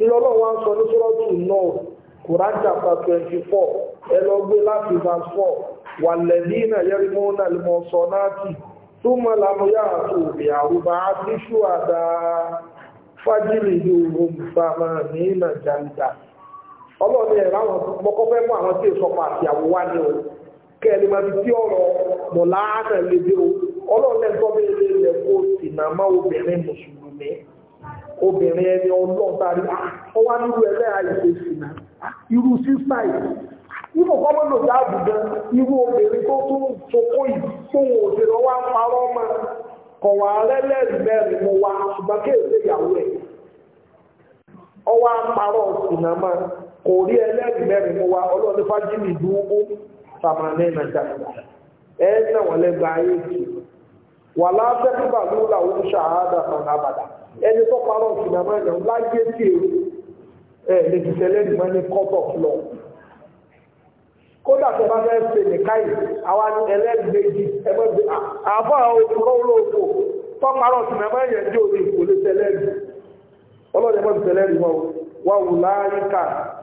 ìrọ̀lọ́ wa ń sọ ní sọ́rọ́tù náà Quran chapter twenty four ẹ lọ gbé láti verse four wàlẹ́dínà yẹ́rìmọ́nà lẹ́mọ̀sọ́nàtì túmọ̀ làmúyà àtòbí àrùbá àti ṣùwàdà fájìlì ìhòòhùn fàmà ní nàìjíríà ọlọ́run yẹn láwọn mọ́kọ́ fẹ́ mú àwọn tí èso àti àwòwá ni o kẹ́ máa fi tí ọ̀rọ̀ mọ̀lá náà lè o ọlọ́run yẹn tọ́ bẹ́ẹ̀ lè kó sì náà má obìnrin mùsùlùmí obìnrin ẹni tari nílùú ẹgbẹ́ àìsè sì náà ah, irú sísá yìí irú obìnrin tó tún sokó yìí fóun ọwọ́ kò rí ẹlẹ́rìí mẹ́rin ní wa ọlọ́run ní fájìlì dúró sàmánẹ́ nàìjíríà ẹ̀ ẹ́ náà ayé wà látẹ́kùbà ló ẹni tó parọ́ láyé tí èrò ẹ̀ lè ní court of law kódà tó bá fẹ́ ṣe nìkáyì àwa ni ẹlẹ́gbẹ̀ẹ́jì ẹgbẹ́gbẹ́ àbọ̀ olóòfò tó parọ́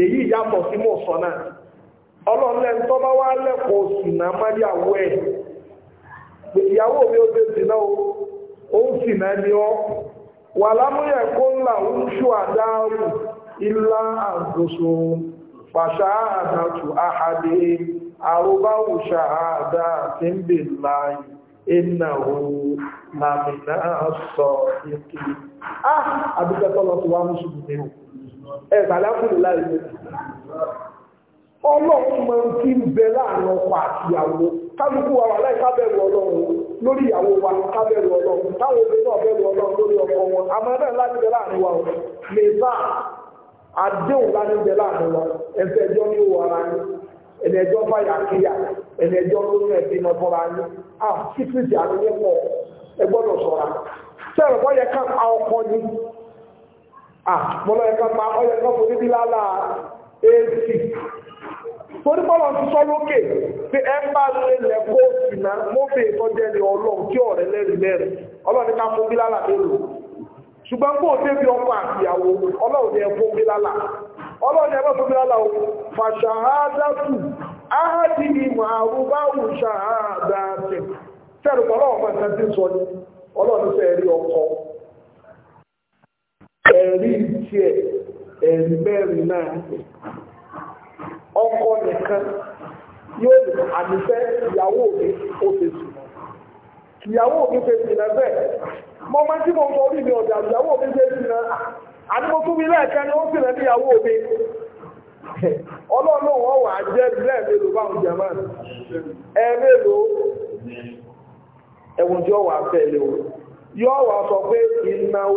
èyí ìyàtọ̀ sí mò sọ náà ọlọ́ọ̀lẹ́ tó bá wá lẹ́kọ̀ọ́ sì na má yàwó ẹ̀ ìyàwó mi ó dé sí náà ó ń sì náà ní ọ́ wà lámúyẹ̀ kó ńlá ń ṣú àdáàrù ilá àgbòsò pàṣà àdàtù àhàdé ẹ̀sàlẹ̀ àkùnrin láì lè ọlọ́run mọ kí ń bẹ láàrin ọkọ àti ìyàwó wa wà láì kábẹ̀rù ọlọ́run lórí ìyàwó wa kábẹ̀rù ọlọ́run táwọn obìnrin náà bẹ̀rù ọlọ́run lórí ọkọ wọn àmọ́ láti bẹ láàrin wa lè bá àdéhùn láti bẹ láàrin wa ẹ̀fẹ́ ẹjọ́ ní ara kíyà lórí àpọ̀lọ́ ah, ẹ̀kan pa ọyẹ̀kan fún níbi lálá èsì torí bọ́lọ̀ ti sọ lókè pé ẹ bá lè lẹ́kọ́ òsì náà ìtọ́jẹ́ ní ọlọ́run kí ọ̀rẹ́ lẹ́rìí lẹ́rìí ọlọ́run ní ká fún bí lálá lérò ṣùgbọ́n kó o àtìyàwó ọlọ́run fún bí lálá ọlọ́run fún bí lálá o ọlọ́run ẹ̀rí tiẹ̀ ẹ̀rí ọkọ nìkan yóò lè àmìfẹ́ ìyàwó mi ó ti sùn ìyàwó mi ti sùn náà bẹ́ẹ̀ mo máa tí mo sọ orí mi ọ̀dà ìyàwó mi ti sùn náà àti mo tún mi lẹ́ẹ̀kan ó sì ìyàwó mi ọlọ́run jẹ́ báwọn german wà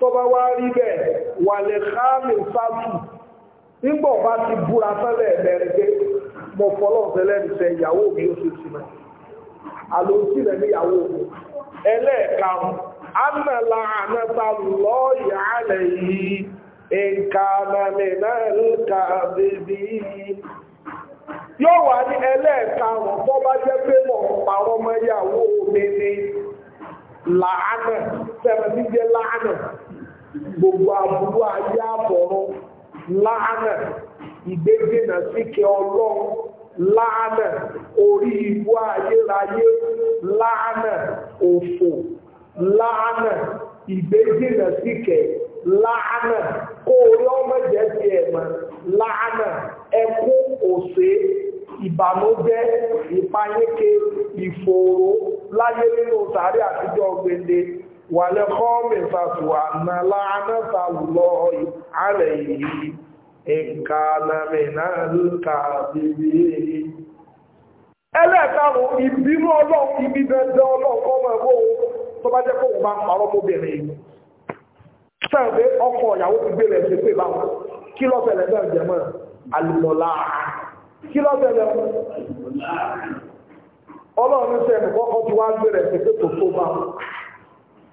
tó bá wá rí bẹ́ẹ̀ wà lè káàmì sáàtù nígbà ọba ti búra sẹ́lẹ̀ ẹ̀mẹ́rin pé mo fọlọ́ sẹ́lẹ̀ ṣe ìyàwó mi ó ṣe ti mẹ́ àlòsí rẹ̀ níyàwó mi ẹlẹ́ẹ̀karùn anàlà àmẹ́ta lọ́ọ̀yà alẹ̀ yìí ìkàmàmìnà ìkàbìbì yóò wà ní ẹlẹ́ẹ̀karùn tó bá jẹ́ pé mọ̀ pàrọ̀ mọ́ ìyàwó mi ni làánà sẹ́mẹ́tí jẹ́ làánà gbogbo aburú ayé àbọ̀rún láàánà ìgbégbèna síkẹ ọlọ́run láàánà orí ibú ayérayé láàánà òfò láàánà ìgbégbèna síkẹ láàánà kó orí ọmọ jẹ́ ti ẹ̀mọ̀ láàánà ẹkún òsè ìbànújẹ́ ìpayéke ìfòòró láyé nínú والخامسة أن لعنة الله عليه إن كان من الكاذبين ẹlẹ́ẹ̀karùn ìbínú ọlọ́run ibi dandan ọlọ́run kọ́ tó bá jẹ́ kó wọ́n parọ́ mọ́bìnrin sẹ́ẹ̀dẹ́ ìyàwó ti gbé rẹ̀ sí pé báwọn kí ló ṣẹlẹ̀ jẹ́ mọ́ kí ọlọ́run ti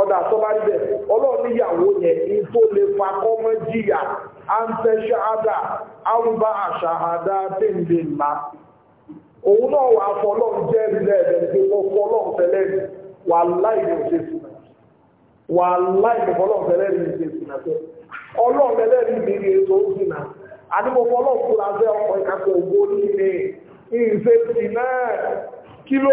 ọ̀dà àtọ́bá níbẹ̀ ọlọ́run níyàwó yẹn ní tó lè fa kọ́mọ́ òun náà wà fọlọ́run jẹ́rìí lẹ́ẹ̀dẹ̀ pé wọ́n fọlọ́run tẹ́lẹ̀ rí wà láì ní oṣù sí wà láì ní oṣù ògbó nílé náà kí ló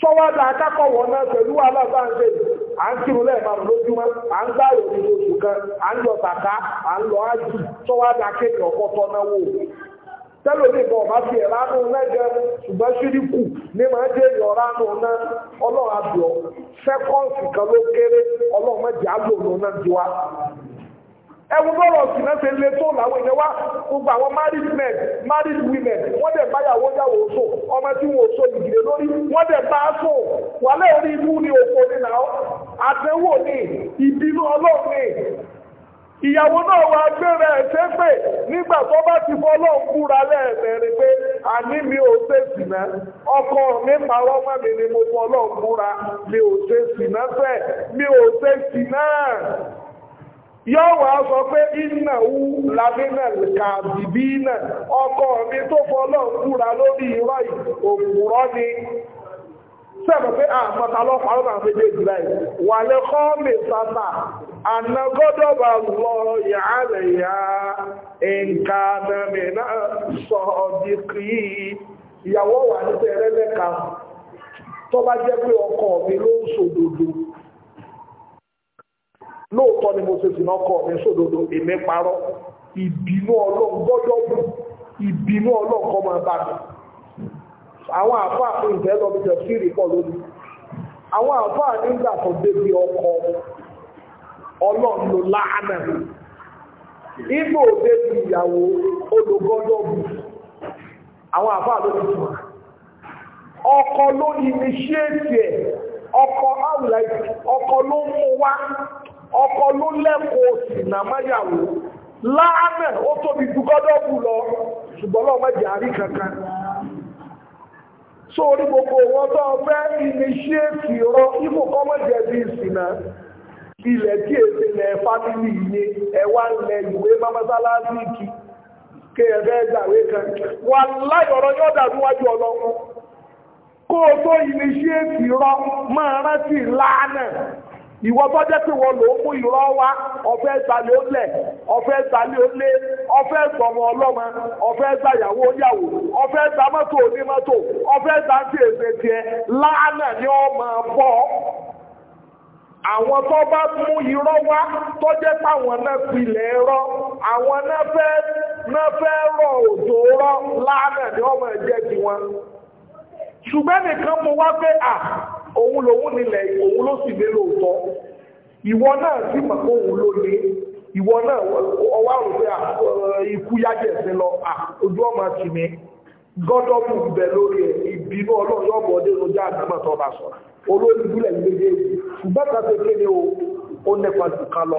sọ́wọ́dà akákọ̀wọ̀ náà pẹ̀lú alábáńdé à ń kírun lẹ́ẹ̀márùn lójúmọ́ à ń gbá ìròyìn oṣù kan à ń lọ tàkà à ń lọ ájì sọ́wọ́dà kéèkì ọ̀pọ̀tọ́ náà tẹ́lò ní ìbọn ọ̀bá tiẹ̀ ránú lẹ́gẹ̀ ṣùgbọ́n ṣíríkù ní máa dé ewu sí náà ṣe lé tó làwọn èèyàn wá gbogbo àwọn married men married women wọ́n dẹ̀ yàwó ọmọ tí wọ́n so ìdílé lórí wọ́n dẹ̀ bá a so wà lẹ́ẹ̀rí ibú ni òfò ni àtẹ̀wò ni ìbínú ọlọ́run ni ìyàwó náà wà ẹ̀ṣẹ́ pé nígbà tó bá ti pé àní mi ò ṣe ọkọ mi parọ́ mọ́ mi ni mo mi ò ṣe fẹ́ yóò wá sọ pé iná wú lábínà kàbìbí náà ọkọ mi tó fọlọ́ kúra lórí irọ́ òkúrọ́ ni sẹ́bọ̀ pé àmọ́ta ah, lọ́pàá lọ́nà méjèèjì láì wà lè kọ́ mi sáta ànagọ́dọ̀bà lọ yàálẹ̀ yá ǹkanàmì náà sọ ọ̀dí kì í ìyàwó wà ní tẹ̀rẹ́lẹ́ka tó bá jẹ́ pé ọkọ mi ló ń sòdòdò lóòótọ́ ni mo ṣe sì náà kọ́ mi sódodo èmi parọ́ ìbínú ọlọ́run gbọ́dọ̀ bù ìbínú ọlọ́run kọ́ máa bá mi àwọn àfáà fún ìfẹ́ lọ bí tẹ̀síìrì pọ̀ lórí àwọn àfáà nígbà tó débi ọkọ ọlọ́run ló láàánà ibo débi ìyàwó olùgọ́dọ̀ bù àwọn àfáà ló ti tù ọkọ ló initiate ẹ̀ ọkọ outlet ọkọ ló mú wá ọkọ ló lẹ́kọ̀ọ́ sì nà máyàwó láàmẹ̀ ó tóbi dúgọ́dọ́bù lọ ṣùgbọ́n lọ́wọ́ àrí kankan so orí gbogbo wọn tó ipò ìsìnà ilẹ̀ tí lẹ̀ yìí ẹ̀wà ìwé kí kan wà yóò dàbí wájú ọlọ́run kó o tó máa ìwọ bá jẹ́ pé wọ́n lò ó mú ìrọ́ wá ọ̀fẹ́ ìgbàlẹ̀ ó lẹ̀ ọ̀fẹ́ ìgbàlẹ̀ ó lé ọ̀fẹ́ ìgbọ̀mọ̀ ọlọ́mọ ọ̀fẹ́ ìgbàyàwó yàwó ọ̀fẹ́ ìgbàmọ́tò onímọ́tò ọ̀fẹ́ ìgbàǹtì èsè tiẹ̀ láàánà ni ó máa bọ́ àwọn tó bá mú irọ́ wá tó jẹ́ táwọn náà pilẹ̀ rọ́ àwọn náà fẹ́ rọ òjò rọ́ láàánà ni ó máa jẹ́ tiwọn ṣùgbẹ́ nìkan mo wá pé òun lòun nílẹ̀ òun ló sì lé lóòótọ́ ìwọ náà sima mọ̀ pé òun ló ní ìwọ náà ya àrùn pé ah, eh, lọ ah, ojú ọmọ tì mí gọ́dọ̀mù bẹ̀ lórí ẹ̀ ìbínú ọlọ́run yóò bọ̀ dé lójú àdámọ̀ sọ olórí ìbúlẹ̀ ṣùgbọ́n kan ṣe kéde o ó nípa jù lọ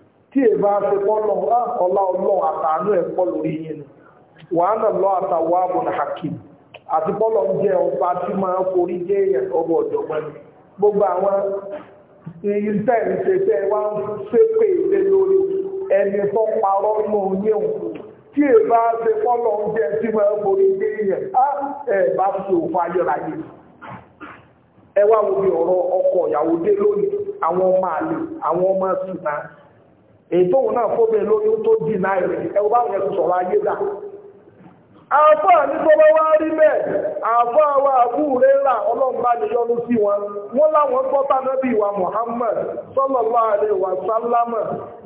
tí èbá ṣe pọ́nà ọlá ọlọ́ àtàánú ẹ̀kọ́ lórí yìí ni wàhánà lọ àtàwọ̀ àbùn hakim àti pọ́lọ̀ ń jẹ́ ọba tí máa ń forí jẹ́ ọba ọ̀jọ̀gbọ́n ni gbogbo àwọn ìtẹ̀ǹtẹ̀tẹ̀ wa ń ṣépè lé lórí ẹni tó parọ́ mọ́ yẹ̀wò tí èbá ṣe pọ́lọ̀ ń jẹ́ tí máa ń forí jẹ́ yẹn á ẹ̀ bá fi òfò ayọ̀láyè ẹ wá wo bí ọ̀rọ̀ ọkọ ìyàwó dé lónìí àwọn ọmọ àlè àwọn ọmọ sùnà ètò òun náà fóbìnrin lóyún tó dì náà rẹ̀ ẹwọ́ báwọn yẹn sọ̀rọ̀ ayé dà àfáà ní tó rí bẹ́ẹ̀ àfáà wa àbúrò rà ọlọ́mbà ní yọnu sí wọn wọ́n láwọn gbọ́ta nábì wa Muhammad sallallahu alaihi wa sallam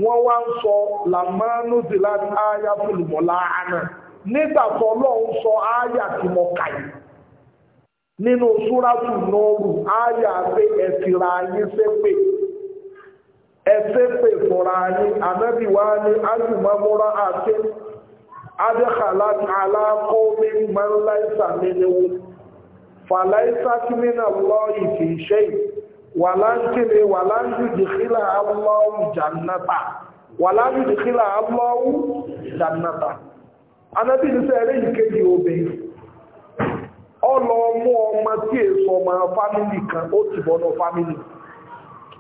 wọ́n wá ń sọ làmánú sí láti áyá fúlùmọ́lá àná nígbà tó ọlọ́run sọ áyà tí mo kà yìí nínú súrátù nọ́ọ̀rù áyà pé ẹ̀sìnra yín sẹ́pẹ̀ ẹsẹ̀ pè fúnra anyị ànábì wa ní ájùmọ́múra àti adéhàlá aláàkó mi máa ń láìsà mi ni wò fàláìsà kí mi náà lọ ìfì iṣẹ́ yìí wà láńkìlẹ̀ wà láńjùdìkílà dị jàǹnàtà wà láńjùdìkílà áwùlọ́wù jàǹnàtà ànábì ní sẹ́ẹ̀rẹ́ ìkejì kan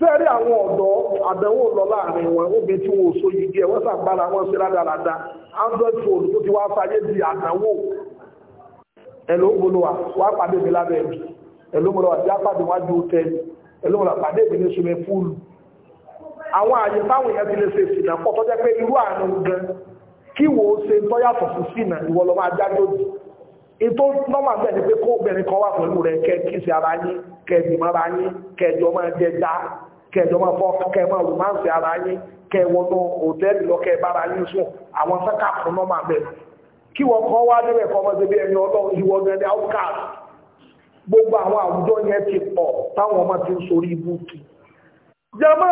fẹ́ẹ̀rí àwọn ọ̀dọ́ àdánwò lọ láàrin wọn obìnrin tí wọsọ so yìí wọ́n sàgbára wọn sí rádaràda android phone tó ti wá di àdánwò ẹ̀ló gbolowa pàdé mi lábẹ́ tí a pàdé wájú ní àwọn àyè táwọn èèyàn pọ̀ tọ́jẹ́ ètò nọ́mà bẹ́ẹ̀ ni pé kó obìnrin kan wà pẹ̀lú rẹ̀ kẹ́ kíṣe ara yín kẹ́ bímọ ara yín kẹjọ máa jẹja kẹjọ máa fọ kẹ́ máa ara yín kẹ́ wọnú òtẹ́ẹ̀lì lọ kẹ́ bára yín sùn àwọn sẹ́kà fún nọ́mà bẹ́ẹ̀ kí wọ́n kọ́ wá níbẹ̀ kọ́ bí ẹni ọlọ́run outcast gbogbo àwọn àwùjọ yẹn ti pọ̀ táwọn ọmọ ti ń sorí ibú jama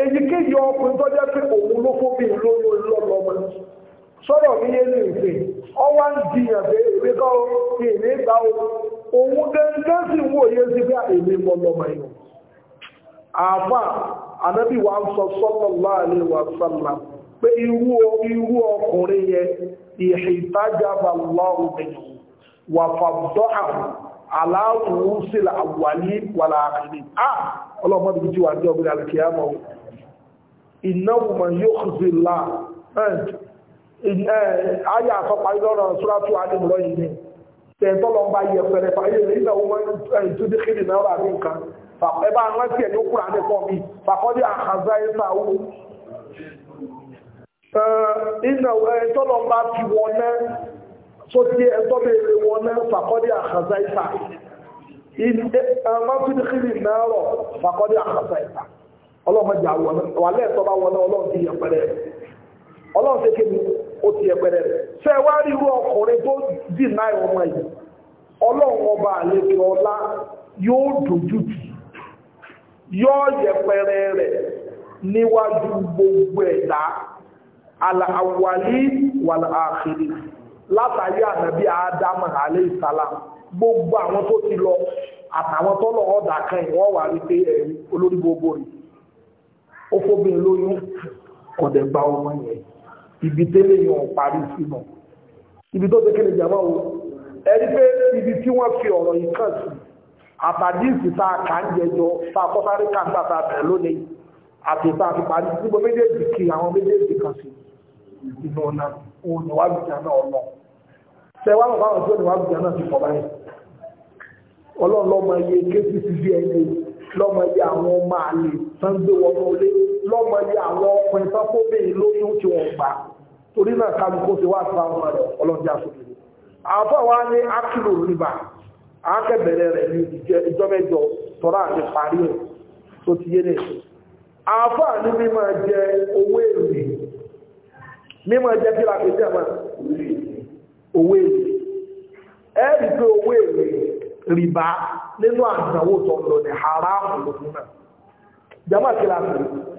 èyíkéyìí ọkùnrin tó jẹ́ pé òun ló fóbi ọwá ń di ẹ̀bẹ̀ èmi kọ́ èmi gbà ó òun gẹ́gẹ́ sì ń wòye sí bí èmi mọ lọ́mọ yìí àfà ànábì wa ń sọ sallallahu alaihi wa sallam pé irú irú ọkùnrin yẹn ìhìtájába lọ́rùn mẹ́yìn wà fàbdọ́hà aláwòrán sílẹ̀ àwàlí wàlà àkìlì ah ọlọ́mọdé wà ní ọgbẹ̀rẹ̀ alìkìyàmọ̀ ayé àtọ́parí lọ́rọ̀ ṣúrátù alìmọ̀lọ́ yìí ni tẹ̀ntọ́lọ́mbà yẹ pẹ̀rẹ̀ fàyè nígbà wọn ìtúdí kí nìmọ̀ ọ̀rọ̀ àbí nǹkan ẹbá rántí ẹ̀ ní òkúra ní pọ̀ mi fàkọ́dí àkàzá ẹ̀sà owó iná ẹ̀ntọ́lọ́mbà ti wọn náà tó ti ẹ̀ntọ́bẹ̀rẹ̀ wọn náà fàkọ́dí àkàzá ẹ̀sà ẹ̀mọ́túdí kí nìmọ̀ ọ̀rọ̀ fàkọ́dí àkàzá ẹ̀sà ọlọ́mọdé àwọn wàlẹ́ ẹ̀tọ́ bá wọn náà ọlọ́ ó ti ẹ̀pẹ̀rẹ̀ rẹ̀ ṣe wá rí irú ọkùnrin tó dìnnà ọmọ yìí ọlọ́run ọba àlejò ọlá yóò dojú tì yóò yẹ̀pẹ̀rẹ̀ rẹ̀ níwájú gbogbo ẹ̀dá aláwàlí wàláàkiri látàrí ànàbí àádámà alẹ́ ìsàlám gbogbo àwọn tó ti lọ àtàwọn tọ́lọ̀ ọ̀dà kan ìwọ́n wà rí pé ẹ̀rí olórí gbogbo rẹ̀ ó fóbin lóyún kọ̀dẹ̀ gba ọmọ yẹn ibi tẹ́lẹ̀ yàn parí sí mọ̀ ibi tó tẹ́kẹ̀lẹ̀ jàmọ́ o ẹni pé ibi tí wọ́n fi ọ̀rọ̀ yìí kàn sí àbàdíìsì tá a kà ń jẹjọ tá a kọ́sáré kà ń gbà tá a bẹ̀rẹ̀ lónìí àti tá a fi parí sí gbogbo méjèèjì kí àwọn méjèèjì kan sí inú ọ̀nà òun ni náà lọ ṣe wàá lọ fáwọn tí ó ní náà ti pọ̀ báyìí ọlọ́run lọ́mọ iye kcc bna lọ́mọ iye àwọn ọmọ àlè sangbé wọnú lọ́mọdé àwọn ọkùnrin sáfóbìnrin lóyún tí wọ́n gbà torí náà kálukú ti wá sí àwọn rẹ̀ ọlọ́dí aṣojú àbọ̀ wá ní akílò rìbà akẹ́bẹ̀rẹ̀ rẹ̀ ní ìjọmẹ́jọ tọ́rọ àti parí ẹ̀ tó ti yé nìṣe àbọ̀ ní mímọ̀ jẹ owó èrè mímọ̀ jẹ kí láti jẹ́ mọ́ owó èrè ẹ rí pé owó èrè rìbà nínú àdánwò tó ń lọ ní haramu lókun náà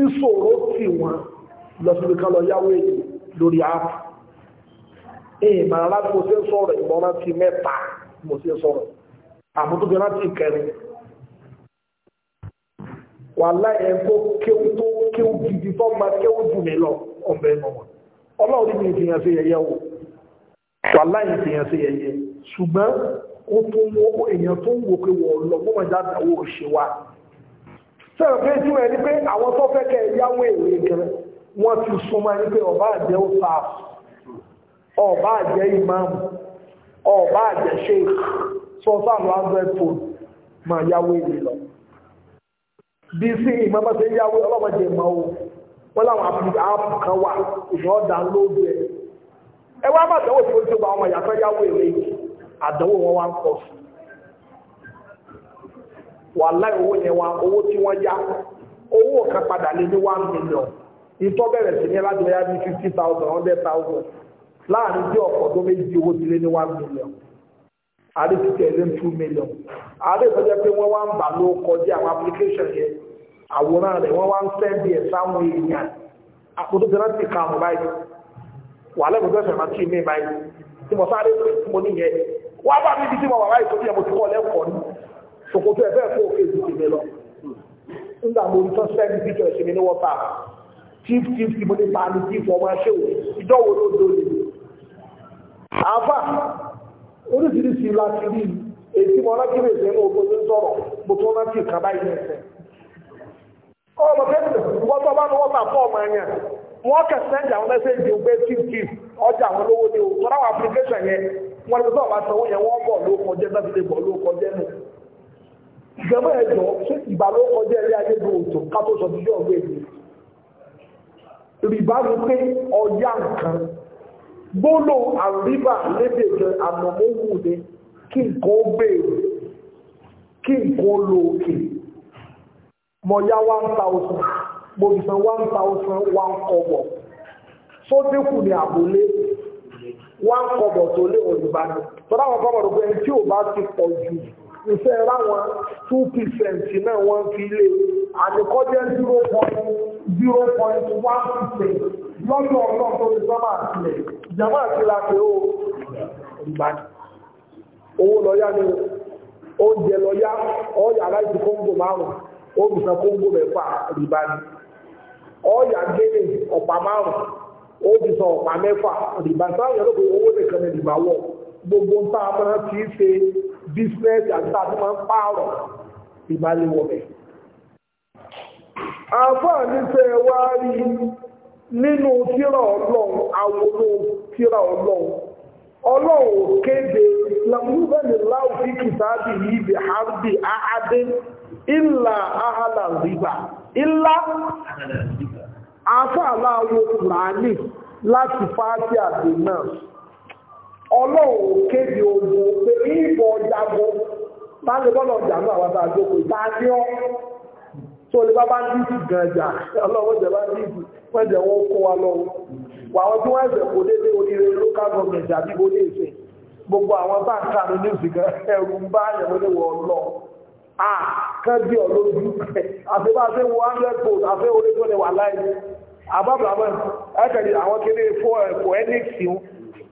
tí sòro tì wọ́n lọ sí kan lọ yáwó èyí lórí áàpù èyí màá láti mo ṣe ń sọ̀rọ̀ ìmọ̀ràn láti mẹ́ta mo ṣe ń sọ̀rọ̀ àmútóbi láti kẹrin wàhálà ẹ̀ tó kéwú tó kéwú gidi tó máa kéwú jù mí lọ ọ̀bẹ nù wọn ọlọ́run ní ìfihàn sí sẹ́wọ̀n pé tí wọ́n ẹni pé àwọn tó fẹ́ kẹ́ yáwó èyí gẹ̀rẹ́ wọ́n ti súnmọ́ ẹni pé ọba àjẹ́ ó sáà ọba àjẹ́ ìmáàmù ọba àjẹ́ sheikh sọ́sà ló ń bẹ́ tó máa yáwó èyí lọ. bí sí ìmọ̀mọ́ ṣe ń yáwó ọlọ́mọdé mọ́ o wọ́n láwọn àpù kan wà ìyọ́ dánlóòdù ẹ̀. ẹ wá má dánwò tí ó ti gba àwọn ìyàtọ̀ yáwó èyí àdánwò wọn wá ń wàláì owó yẹn wa owó tí wọ́n yá owó kan padà lé ní one million ìtọ́ bẹ̀rẹ̀ sí ní láti lẹ́yà fifty thousand hundred thousand láàrin bí ọ̀pọ̀ tó méjì owó ti lé ní one million àrí títí ẹ̀rẹ́ ń two million àrí ìtọ́jẹ́ pé wọ́n wá ń bà ló kọjá àwọn application yẹn àwòrán rẹ̀ wọ́n wá ń sẹ́ndì ẹ̀ sáwọn èèyàn àkótó tí wọ́n ti ka àwọn báyìí wà lẹ́gbẹ̀ẹ́ tó ṣẹ̀má tí mi báyìí tí mo sáré pé mo níyẹn ti kọ́ lẹ́kọ̀ọ́ ṣòkòtò ẹ̀fẹ́ fún òkè ju tèmi lọ nígbà mo rí sọ́sẹ́ẹ̀dì píkẹ́ ọ̀sẹ̀ mi ní wọ́pà tíf tíf tí mo ní pa ní tíf ọmọ ẹṣẹ́ òun ìdánwò ló dole àáfà oríṣiríṣi láti rí èsì mọ́ láti rí ìṣẹ́ ní ogun tó ń mo tún rántí ọmọ bá ní fún ọmọ ọjà àwọn olówó ni tọ́ra àwọn yẹn ìjọba ẹ̀jọ́ ṣé ìgbà ló kọjá ilé ayé ló òtò ká tó sọ jíjọ́ ọ̀gbẹ́ mi rìbá ni pé ọjà nǹkan gbólò àríbà lédè jẹ ànàmówù ni kí nǹkan ó béèrè kí nǹkan ó lo òkè mọ̀yá one thousand gbòmìsàn one thousand one kọ̀bọ̀ sódẹ́kù ni àbólé one kọ̀bọ̀ tó lé òrìbá ni tọ́lá wọn kọ́bọ̀ rẹ̀ pé ẹni tí ò bá ti pọ̀ jù ìfẹ́ ráwọn two percent náà wọ́n fi lé àdìkọ́jẹ́ zero point zero point one percent lọ́dọ̀ náà tó lè sọ́mà àtìlẹ̀ ìjàmà àtìlẹ̀ àti ó ìbàdàn owó lọ́yá ni oúnjẹ lọ́yá ọ̀yà láìsí kóńgò márùn-ún olùsàn kóńgò mẹ́fà ìbàdàn ọ̀yà gẹ́lẹ̀ ọ̀pá márùn-ún olùsàn ọ̀pá mẹ́fà ìbàdàn sáyẹn lóko owó nìkan ní ìbàwọ̀ gbogbo ń tá a máa ti ṣe bísínẹ́sì àti tàbí máa ń pààrọ̀ ìbálẹ̀wọ̀bẹ̀. àǹfààní tẹ́ ẹ wá rí nínú tírà ọlọ́run àwòrán tírà ọlọ́run ọlọ́run ò kéde lámúbẹ̀lì láwùjí kìtàbí yìí bí harbi ahadé ìlà ahala rìbá ìlà àfààlà àwọn kùránì láti fáàtì àdè náà ọlọ́run kéde ogun pé ìbò jago bá lè bọ́lọ̀ jà náà wà bá gbogbo ìta ní ọ́ tó lè bá bá ń dìtì gan jà jẹ bá dìtì wọ́n jẹ wọ́n kó wa lọ́wọ́ wà wọ́n wọ́n ẹ̀sẹ̀ kò dé dé local government gbogbo àwọn ní ń bá lọ kan bí ọlójú àfẹ́bá fẹ́ hundred gold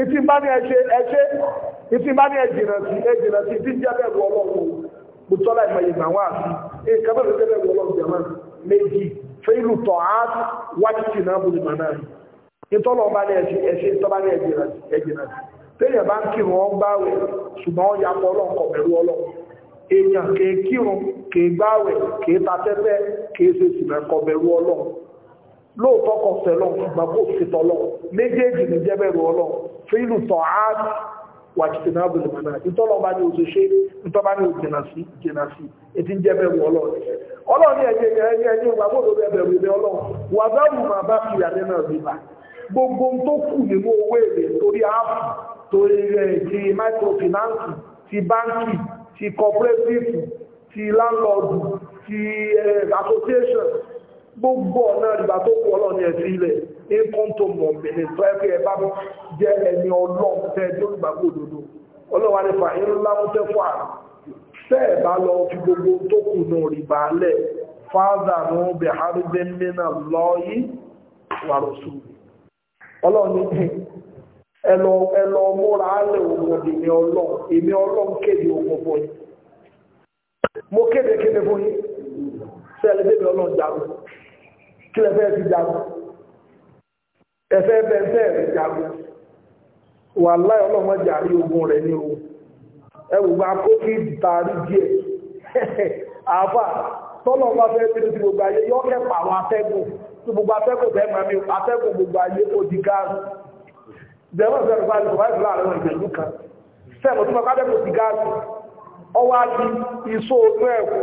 ìtì bá ní ẹṣẹ́ ẹṣẹ́ ìtì bá ní ẹjìnà sí ẹjìnà sí ìtì jẹ́ bẹ̀rù ọlọ́run mo tọ́lá ìmọ̀ ìgbà wá sí nǹkan bẹ̀rù jẹ́ bẹ̀rù ọlọ́run jẹ̀mọ́ méjì fẹ́lù tọ̀ á wájú sí náà bùrù màná ìtọ́lọ̀ bá ní ẹṣẹ́ ẹṣẹ́ ìtọ́ bá ní ẹjìnà sí ẹjìnà sí téèyàn ya pọ̀ ọlọ́nkọ̀ bẹ̀rù ọlọ́run èèyàn kèé kírun kèé gbáwẹ̀ kèé tatẹ́tẹ́ kèé ṣe sì mẹ́kọ̀ ọlọ́run lóòótọ́ kọ sẹ́lọ̀ ṣùgbọ́n kò sí tọ́lọ̀ méjèèjì ní jẹ́bẹ̀rù ọlọ́ fílù tọ́ áàt wà jìtì náà bùlù mọ́nà ìtọ́lọ̀ bá ní oṣù ṣe ìtọ́ bá ní òjìnà sí ìjìnà sí ètí ń jẹ́bẹ̀rù ọlọ́ ọlọ́ ní ẹ̀jẹ̀ ẹ̀jẹ̀ ẹ̀jẹ̀ ìgbàgbọ́ lórí ẹ̀bẹ̀rù ilé ọlọ́ wà dábù máa bá fi àdé náà ti microfinance ti ti landlord ti association gbogbo ọ̀nà ìgbà tó kú ọlọ́ni ẹ̀sí ilẹ̀ ní kọ́ńtò mọ̀mìnì tó ẹ́ pé ẹ bá jẹ́ ẹni ọlọ́run tẹ́ tó gbà kó dodo ọlọ́wà ní fà ń láwùjẹ́ fún àrùn tẹ́ ẹ̀ bá lọ fi gbogbo tó kù nù rìbá lẹ̀ fáàdà nù bẹ̀ ọlọ́run èmi ọlọ́run kéde ogun fún yín mo kéde kéde fún yín sẹ́ẹ̀lì bébí ọlọ́run jáde kí lẹ fẹ́ fi jagun ẹfẹ́ bẹ́ẹ̀ rí jagun wà láì ọlọ́mọ jàrí ogun rẹ̀ ní o ẹwù bá kó kí ìdìtàrí díẹ̀ <laughs> àfà tọ́lọ̀ bá fẹ́ bí ti gbogbo ayé yọ kẹpa àwọn atẹ́gùn tí gbogbo atẹ́gùn fẹ́ máa mi atẹ́gùn gbogbo ayé ó di gáàsì jẹ́wọ́n fẹ́ gba ìgbà ìgbà láàrin ìgbẹ̀lú kan sẹ́ẹ̀mù tí wọ́n ká dẹ́kun ti gáàsì ọwọ́ á di iṣó ojú ẹ̀kọ́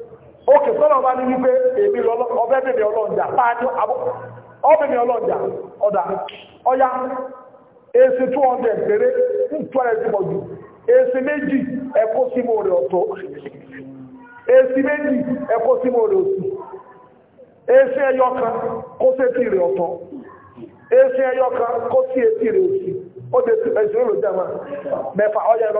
òkè sọ́nà bá ní wípé èmi ọbẹ̀ bèbè ọlọ́njà pàájú ọbẹ̀mì ọlọ́njà ọ̀dà ọya èsì 200 péré ń tọ́rẹ sí mọ̀jú èsì méjì ẹ̀kọ́ sí mọ̀ rẹ̀ ọ̀tọ̀ èsì méjì ẹ̀kọ́ sí mọ̀ rẹ̀ òsì èsì ẹyọkan kó sí etí rẹ̀ ọ̀tọ̀ èsì ẹyọkan kó sí etí rẹ̀ òsì ó dé mẹ́fà ẹ̀rọ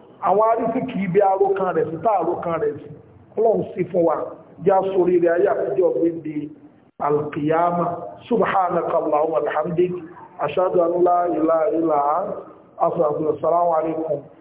àwọn arísìkì ibi arókan rẹ̀ sí tá àrókan rẹ̀ sí ọlọ́run sí fún wa já sórí rẹ̀ ayé àkójọ gbéǹde alkiyama subhanaka allahumma alhamdik ashhadu an la ilaha illa anta astaghfiruka